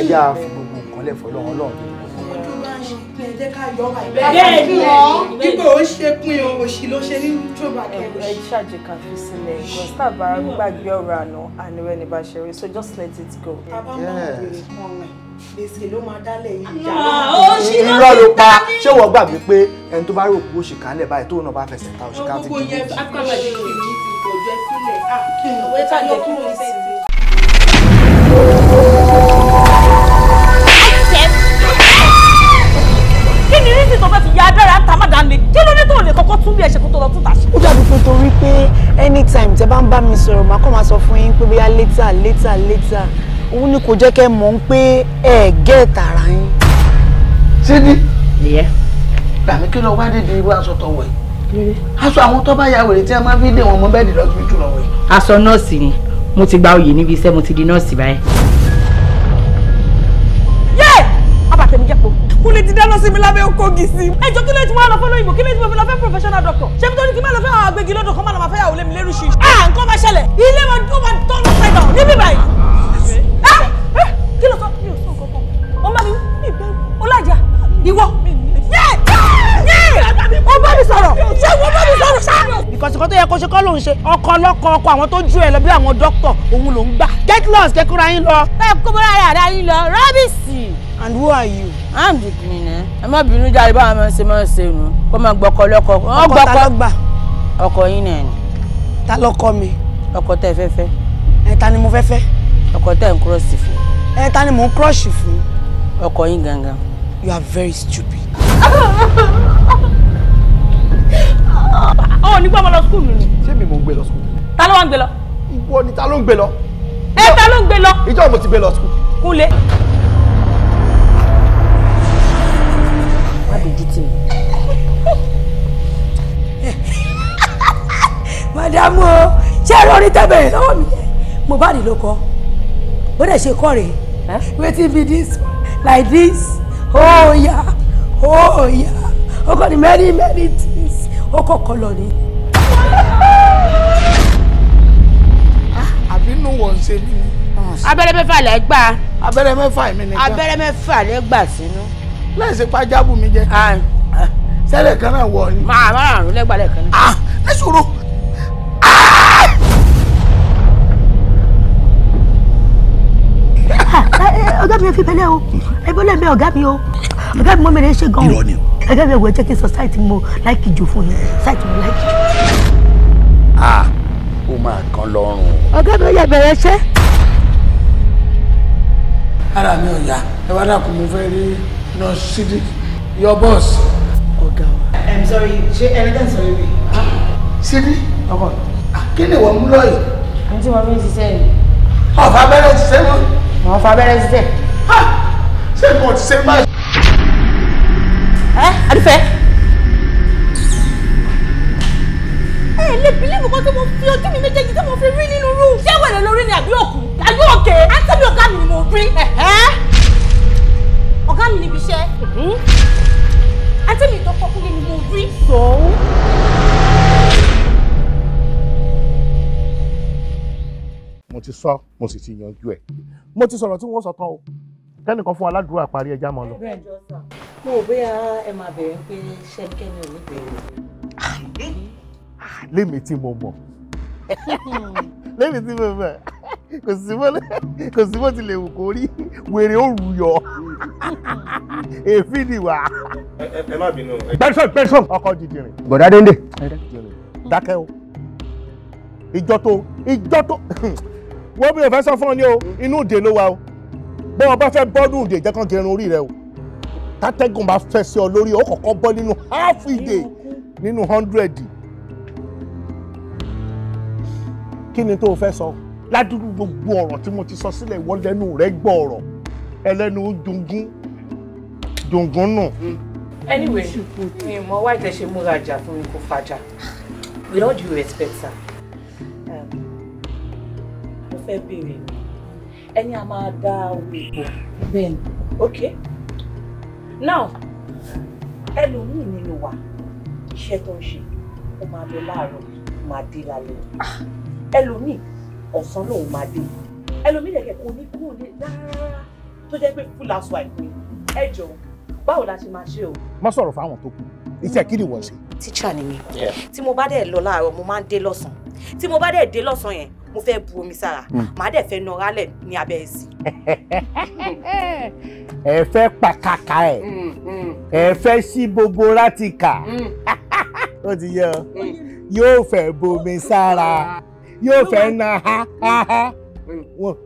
ẹ̀yà fún gbogbo nǹkan lẹ́fọ̀ọ́ lọ́wọ́ lọ́wọ́ ṣe pé ẹ jẹ́ ká yọ ọba ìbẹ́ bẹ́ẹ̀ ni ọ dípò ó ṣe pin òṣì ló ṣe nínú tróba kẹrù. ẹ ṣàjẹ kàfi sílẹ̀ nǹkan tá a gbàgbé ọ̀rọ̀ àná àníwẹ̀ ní bá ṣe rí so just let it go. bàbá máa ń bèrè kan rẹ̀ gbèsè ló máa dálẹ̀ yìí jà ah, irọ́ ló pa ṣé wọ́n gbàgbé pé ẹni tó bá rò pé òṣìkà ńlẹ̀ báyìí tóun náà bá fẹsẹ̀ ta òṣìkà ti dìbò. gbogbo yẹn akọ́lọ́dé kìíní ti kò jẹ́ sílẹ̀ ah, reason tó fẹ́ fi ya adára ń ta má dáa ni kí ló dé tó lè kọ́kọ́ tún bí ẹ̀ṣẹ̀ kó tó lọ tún tàṣe. ó dàbí pé torí pé anytime tẹ bá ń bá mi sọ̀rọ̀ màá kọ́ máa sọ fún yín pé bóyá later later later òun ni kò jẹ́ kẹ́ mọ̀ ń pé ẹ̀ gẹ́ tààrà yín. ṣé ní. ìyẹ́. gbàmí kí lọ wá dídì irú aṣọ tọwọ́ yìí aṣọ àwọn tó bá ya wèrè tí a máa fi dé wọn mọ bẹ́ẹ̀ dì lọ́sibítù lọ́wọ́ yìí. aṣọ nọ́ọ̀sì ni mo ti gba oyè níbi iṣẹ́ mo ti di nọ́ọ̀sì báyìí. kó lè ti dáná sí mi lábẹ́ okògì sí. ẹ jọ kí ló ti wá lọ fẹ́ lóyìnbó kí ló ti wọ́n fi lọ fẹ́ professional doctor ṣé bí tó ní kí n má lọ fẹ́ àwọn agbègi lọ́dọ̀ kọ́ má lọ máa fẹ́ yàwó lé mi lérú ṣíṣe. à ah, nǹkan máa ṣẹlẹ̀ ilé wa tó máa tọ́ lọ́pẹ́ dàn níbí báyìí. Ah, eh, kí ló sọ mi ò sọ nǹkan kan o má mi mi bẹ́ẹ̀ o lájà ìwọ. o bá mi sọ̀rọ̀ ṣé o bá mi sọ̀rọ̀ ṣá. ìkọ̀sìnkọ́ tó yẹ kó ṣe kọ́ lòun ṣe ọkọ ọlọ́kọ ọkọ àwọn tó ju ẹ lọ bí àwọn dókítà òun ló gbà. get lost kẹkọrọ ayín lọ. ẹ kó bọ́lá rẹ̀ yín lọ rọ́bìsì and who are you. i'm the cleaner. Eh? ẹ má bínú jáde báwọn máa ń ṣe máa ń ṣe nù kó máa gbọkọ lọkọ. ọkọ ta ló gbà. ọkọ yín náà ni. ta lọkọ mi. ọkọ tẹ fẹ́ fẹ́. ẹ ta ni mo fẹ́ fẹ́. ọkọ tẹ ń kúrọ́ọ̀sì mo ń kúrọ́ọ̀sì fún. ọkọ you are very stupid. Oh, ní gbọ́mọ lọ skul nù ni. ṣé mi mo gbé lọ skul. ta ló wá ń gbé lọ. ìwọ ni ta ló ń gbé lọ. ẹ ta ló mo ti gbé lọ màdàmú o ṣé ẹ̀rọ orin tẹ́ bẹ̀rẹ̀ lọ́wọ́ mi yẹn mo bá nílò kọ́ bó dẹ̀ ṣe kọ́ rèé wetin be this like this oh yeah oh yeah o kò ní many many things o kò kọ́ lọ ni. Ah, àbínú wọ̀n ṣe mí ni abẹ́rẹ́ mẹ́fà lẹ́ gbà. abẹ́rẹ́ mẹ́fà mi nìkan. abẹ́rẹ́ mẹ́fà lẹ́ gbà sínú. láì ṣe pàjáwò mi jẹ tẹ́lẹ̀ kan náà wọ̀ ni. máa máa rún lẹ́gbàlẹ̀ kan náà. Ah, ẹ ṣòro. Ah! Eh, eh, ọ̀gá mi ò fi bẹ́lẹ̀ o ẹgbẹ́ olóògbé ọ̀gá mi o ọ̀gá mi mọ́ mi rẹ̀ ṣe gan-an ọ̀gá mi ò wẹ̀ jẹ́ kí n sọ sáìtì mo láìkì jù fún yín sáìtì mo láìkì jù. Ah, ó máa kan lọ́rùn. ọ̀gá mi ò yẹ bẹ̀rẹ̀ ṣẹ́. ara mi ò yá ẹ wá dàkú mo fẹ́ rí nọ́ọ̀sì sídìkì yọ bọ́ọ̀sì ọ̀gá wa. I'm sorry ṣé ẹni tẹ́ ń sọ rere. ṣé ní ọkọ kí ni wọ́n mú lọ́ọ̀yì. àmì tí wọ́n fi ń ṣiṣẹ́ yìí. ọ̀fà abẹ́rẹ́ ṣiṣẹ́ mọ́. wọ́n fa abẹ́rẹ́ ṣiṣẹ́. ṣé kò ti ṣe máa. ẹ adúfẹ́. ẹ lè bílíìfù kan tó mo fi ojú mi méjèèjì tó mo fi rí nínú rú. ṣé wẹ̀rẹ̀ lórí ni àbí òkú àbí òkè àtẹ̀bí ọ̀gá mi ni mo rí. ọ̀gá mi níbi iṣẹ́. Mm-hmm àti mi tó kọkúlé ni mo rí. so. mo ti sọ mo sì ti yanjú ẹ mo ti sọ̀rọ̀ tí wọ́n sọ tán o kẹ́nìkan fún aládùúrà parí ẹja mọ́ lọ. mo ò bóyá ẹ máa bẹ̀rẹ̀ pé ṣẹ́nikẹ́ni ò ní bẹ̀rẹ̀. lémi tí mo mọ̀. lẹ́yìn tí mo fẹ́ kò sí bó kò sí bó ti lè wù kó rí wèrè ó rù yọ èéfín ìwà. ẹ má bínú. gbẹ́sọ̀ gbẹ́sọ̀ ọkọ jìjìrìn. bọ̀dá dénde. dákẹ́ o ìjọ tó ìjọ tó wọ́n bí o fẹ́ sọ fún ọ ní o inú òde ló wà o bọ́ ọ bá fẹ́ bọ́dún òde jẹ́ kán gẹrun orí rẹ o tátẹ́gùn bá fẹ́ sí ọ lórí o kọ̀ọ̀kan bọ́ nínú half a day nínú hundred kí ni tó o fẹ́ sọ ládùúgbò gbogbo ọ̀rọ̀ tí mo ti sọ sílẹ̀ ìwọ lẹ́nu rẹ gbọ́ ọ̀rọ̀ ẹlẹ́nu dungun dungun nù. anyway mi mọ wá ìtẹ̀sẹ̀ múra jà fún mi kò fàjà with all due respect sir um, mo fẹ́ béèrè ẹni a máa dá owó ìbò bẹ́ẹ̀ ni ok now ẹlòmíì nínú wa iṣẹ́ tó ń ṣe ó máa lọ láàárọ̀ ó máa dé lálẹ́. Ah ẹlòmíì ọ̀sán lòun máa dé ẹlòmíì lẹ̀kẹ̀ kò ní kúrò ní rárá tó jẹ́ pé full house wife ni ẹ jọ báwo la ṣe máa ṣe o. má sọ̀rọ̀ fáwọn tó kù iṣẹ́ kí ni wọ́n ṣe. tíṣà ni mi tí mo bá dẹ̀ lọ láàárọ̀ mo máa ń dé lọ́sàn-án tí mo bá dẹ̀ dé lọ́sàn-án yẹn mo fẹ́ bu omi sára hmm. màá dẹ̀ fẹ́ nọra lẹ̀ ní abẹ́ ẹ̀sìn. ẹ fẹ́ pàkàkà ẹ̀ hmm, hmm. ẹ fẹ́ sí gbogbo rátíkà ó ti yẹ yóò fẹ́ bomi sára yóò fẹ́ na ha ha ha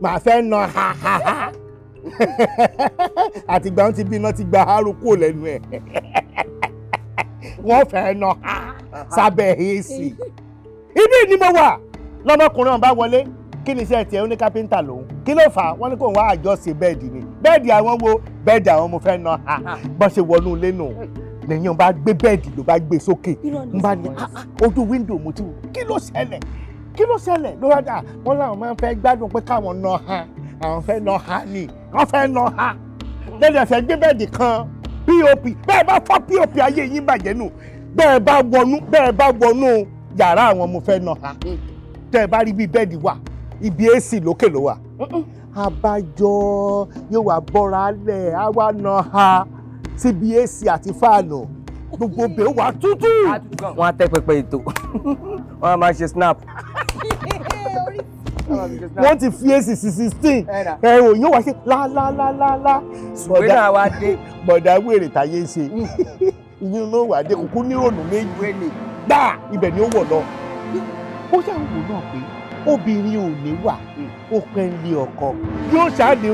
màá fẹ́ na ha ha ha àtìgbà ń ti bí iná ti gba haro kúrò lẹ́nu ẹ̀ wọ́n fẹ́ na ha sábẹ́ èsì ibi ni mo wà lọ́mọkùnrin ọ̀n bá wọlé kí ni iṣẹ́ tiẹ̀ ó ní kápẹ́ńtà lòun kí ló fà á wọ́n ní kó wá àjọṣe bẹ́ẹ̀dì ni bẹ́ẹ̀dì àwọn wo bẹ́ẹ̀dì àwọn mo fẹ́ na ha bọ́n ṣe wọnú ilé nù lẹ́yìn ọba gbé bẹ́ẹ̀dì ló bá gbé sókè n bá ní ah, ah, ojú wíńdò mo ti wò kí ló ṣẹlẹ̀ kí ló ṣẹlẹ̀ ló wá dà wọ́n làwọn máa ń fẹ́ gbádùn pé káwọn nà ha àwọn fẹ́ nà ha ni wọ́n fẹ́ nà ha lẹ́yìn ẹ̀fẹ́ gbé bẹ́ẹ̀dì kan pop bẹ́ẹ̀ bá fọ́ pop ayé yín bàjẹ́ nù bẹ́ẹ̀ bá wọnú bẹ́ẹ̀ bá wọnú yàrá àwọn ọmọ fẹ́ nà ha tẹ́ ẹ bá rí bí bẹ́ẹ̀dì wà ibi ac lókè ló wà abájọ yóò wá bọ́ra lẹ̀ á wá nà ha síbi ac àti fáànù gbogbo bẹ́ẹ̀ wà tútù. wọ́n á tẹ́ pẹpẹ ètò. wọ́n á máa ṣe snap wọ́n ti fi èsì sí sixteen ẹ̀rọ yóò wá ṣe lálálálá dé bọ̀dá wèrè táyé ṣe ìyẹn ló wà dé kúkú nírònú méjì gbà ibẹ̀ ni ó wọ̀ lọ. ó ṣàwùjọ náà pé obìnrin ò ní wà hmm. ó pẹ́ ń lé ọkọ yóò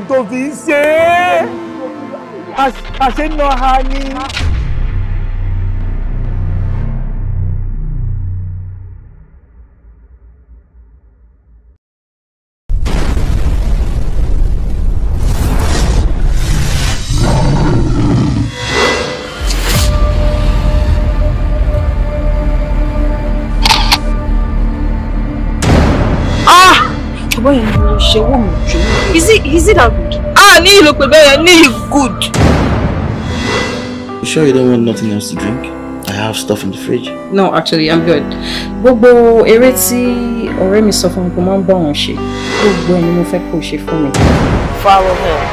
tó fi ń ṣe é hmm. àṣẹ náà ha ni. ṣùgbọ́n yẹn mo ṣe is it is it that good. ah ní ìlú pé bẹ́ẹ̀ good. you sure you don't want nothing else to drink? I have stuff in the fridge. No, actually, I'm good. Bobo, eré tí ọ̀rẹ́ mi sọ fún mi she. máa ń bá òun ṣe. Gbogbo ẹni mo fẹ́ kó ṣe fún mi. Fáwọ̀ hẹ̀.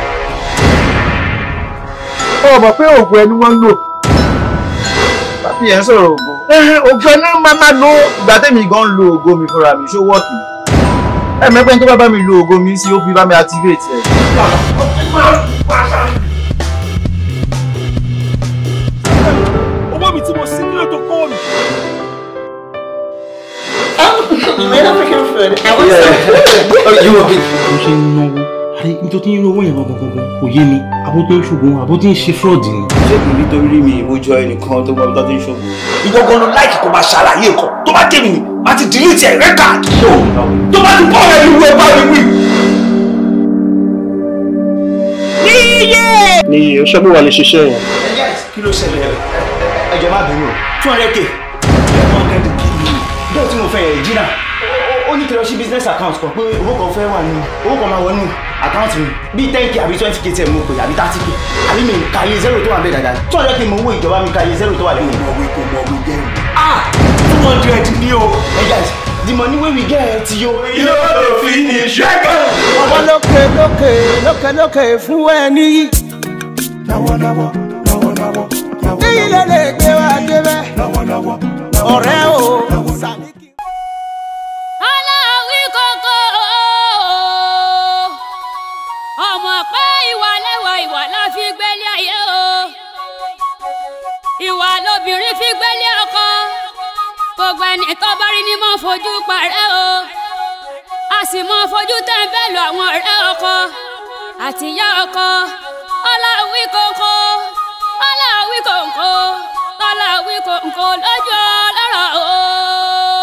Ó mọ̀ pé oògùn ẹni wọ́n ń lò. Bàbá yẹn sọ̀rọ̀ oògùn. Eh, oògùn ẹni máa máa lo ìgbà tẹ́mi gan lo oògùn ẹ mẹ́pẹ́ tó bá bá mi lo ògo mi sí ó fi bá mi activate ẹ̀. owó mi tí mo sí nílò tó kọ́ mi. Made African food. I want oh, be. Mo ṣe ń náwó. Àdé nítorí tí ń náwó yẹn gangan gangan kò yé mi. Abó tó ń ṣògùn, abó tó ń ṣe fraud ni. Ṣé kò nítorí mi ìwọ́jọ́ ẹnìkan tó gbọ́ tó ń ṣògùn? Ìwọ gan láìkì kó máa ṣàlàyé nǹkan tó bá jẹ́ mi a delete ẹ̀ record tó bá ti bọ́ ọ̀rẹ́ ìlú ẹ̀ bá mi wí. níyẹ. níyẹ o ṣe bí wàá lè ṣiṣẹ́ yẹn. kí ló ṣẹlẹ̀ ẹ̀jọ̀ má bínú o two hundred k one hundred k bẹ́ẹ̀ tí mo fẹ́ yẹ jìnnà ó ní kí lọ sí business account kan pé owó kan fẹ́ wà nínú owó kan máa wọnú account mi bíi ten k àbí twenty k tẹ̀ mú pé àbí thirty k àbí mi kàyé zero tó wà bẹ́ẹ̀ dáadáa two hundred k mo owó ìjọba mi kàyé zero tó wà lẹ́yìn. mo wí kò mọ wí gẹ́rù. Ah! two hundred ni o. ẹ jẹ́ àìsàn the money wey we get yo. yóò lè fi ní ṣẹ́gun. ọmọ lókè lókè lókè lókè fún ẹni. lọ́wọ́lọ́wọ́ lọ́wọ́lọ́wọ́. èyí ló lè gbé wa débẹ̀. lọ́wọ́lọ́wọ́ ọ̀rẹ́ o. sàmìkì. aláwí kókó ọmọ pé ìwà lẹ́wà ìwà la fi gbélé ayé o ìwà lobìnrin fi gbélé ọkọ gbogbo ẹni tó bá rí ni mo fojú parẹ́ o a sì mọ fojú tẹ́ńbẹ́lú àwọn ọ̀rẹ́ ọkọ àtìyá ọkọ ọláwí kòkó ọláwí kòkó ọláwí kòkó lójú ọlọ́rọ̀ o.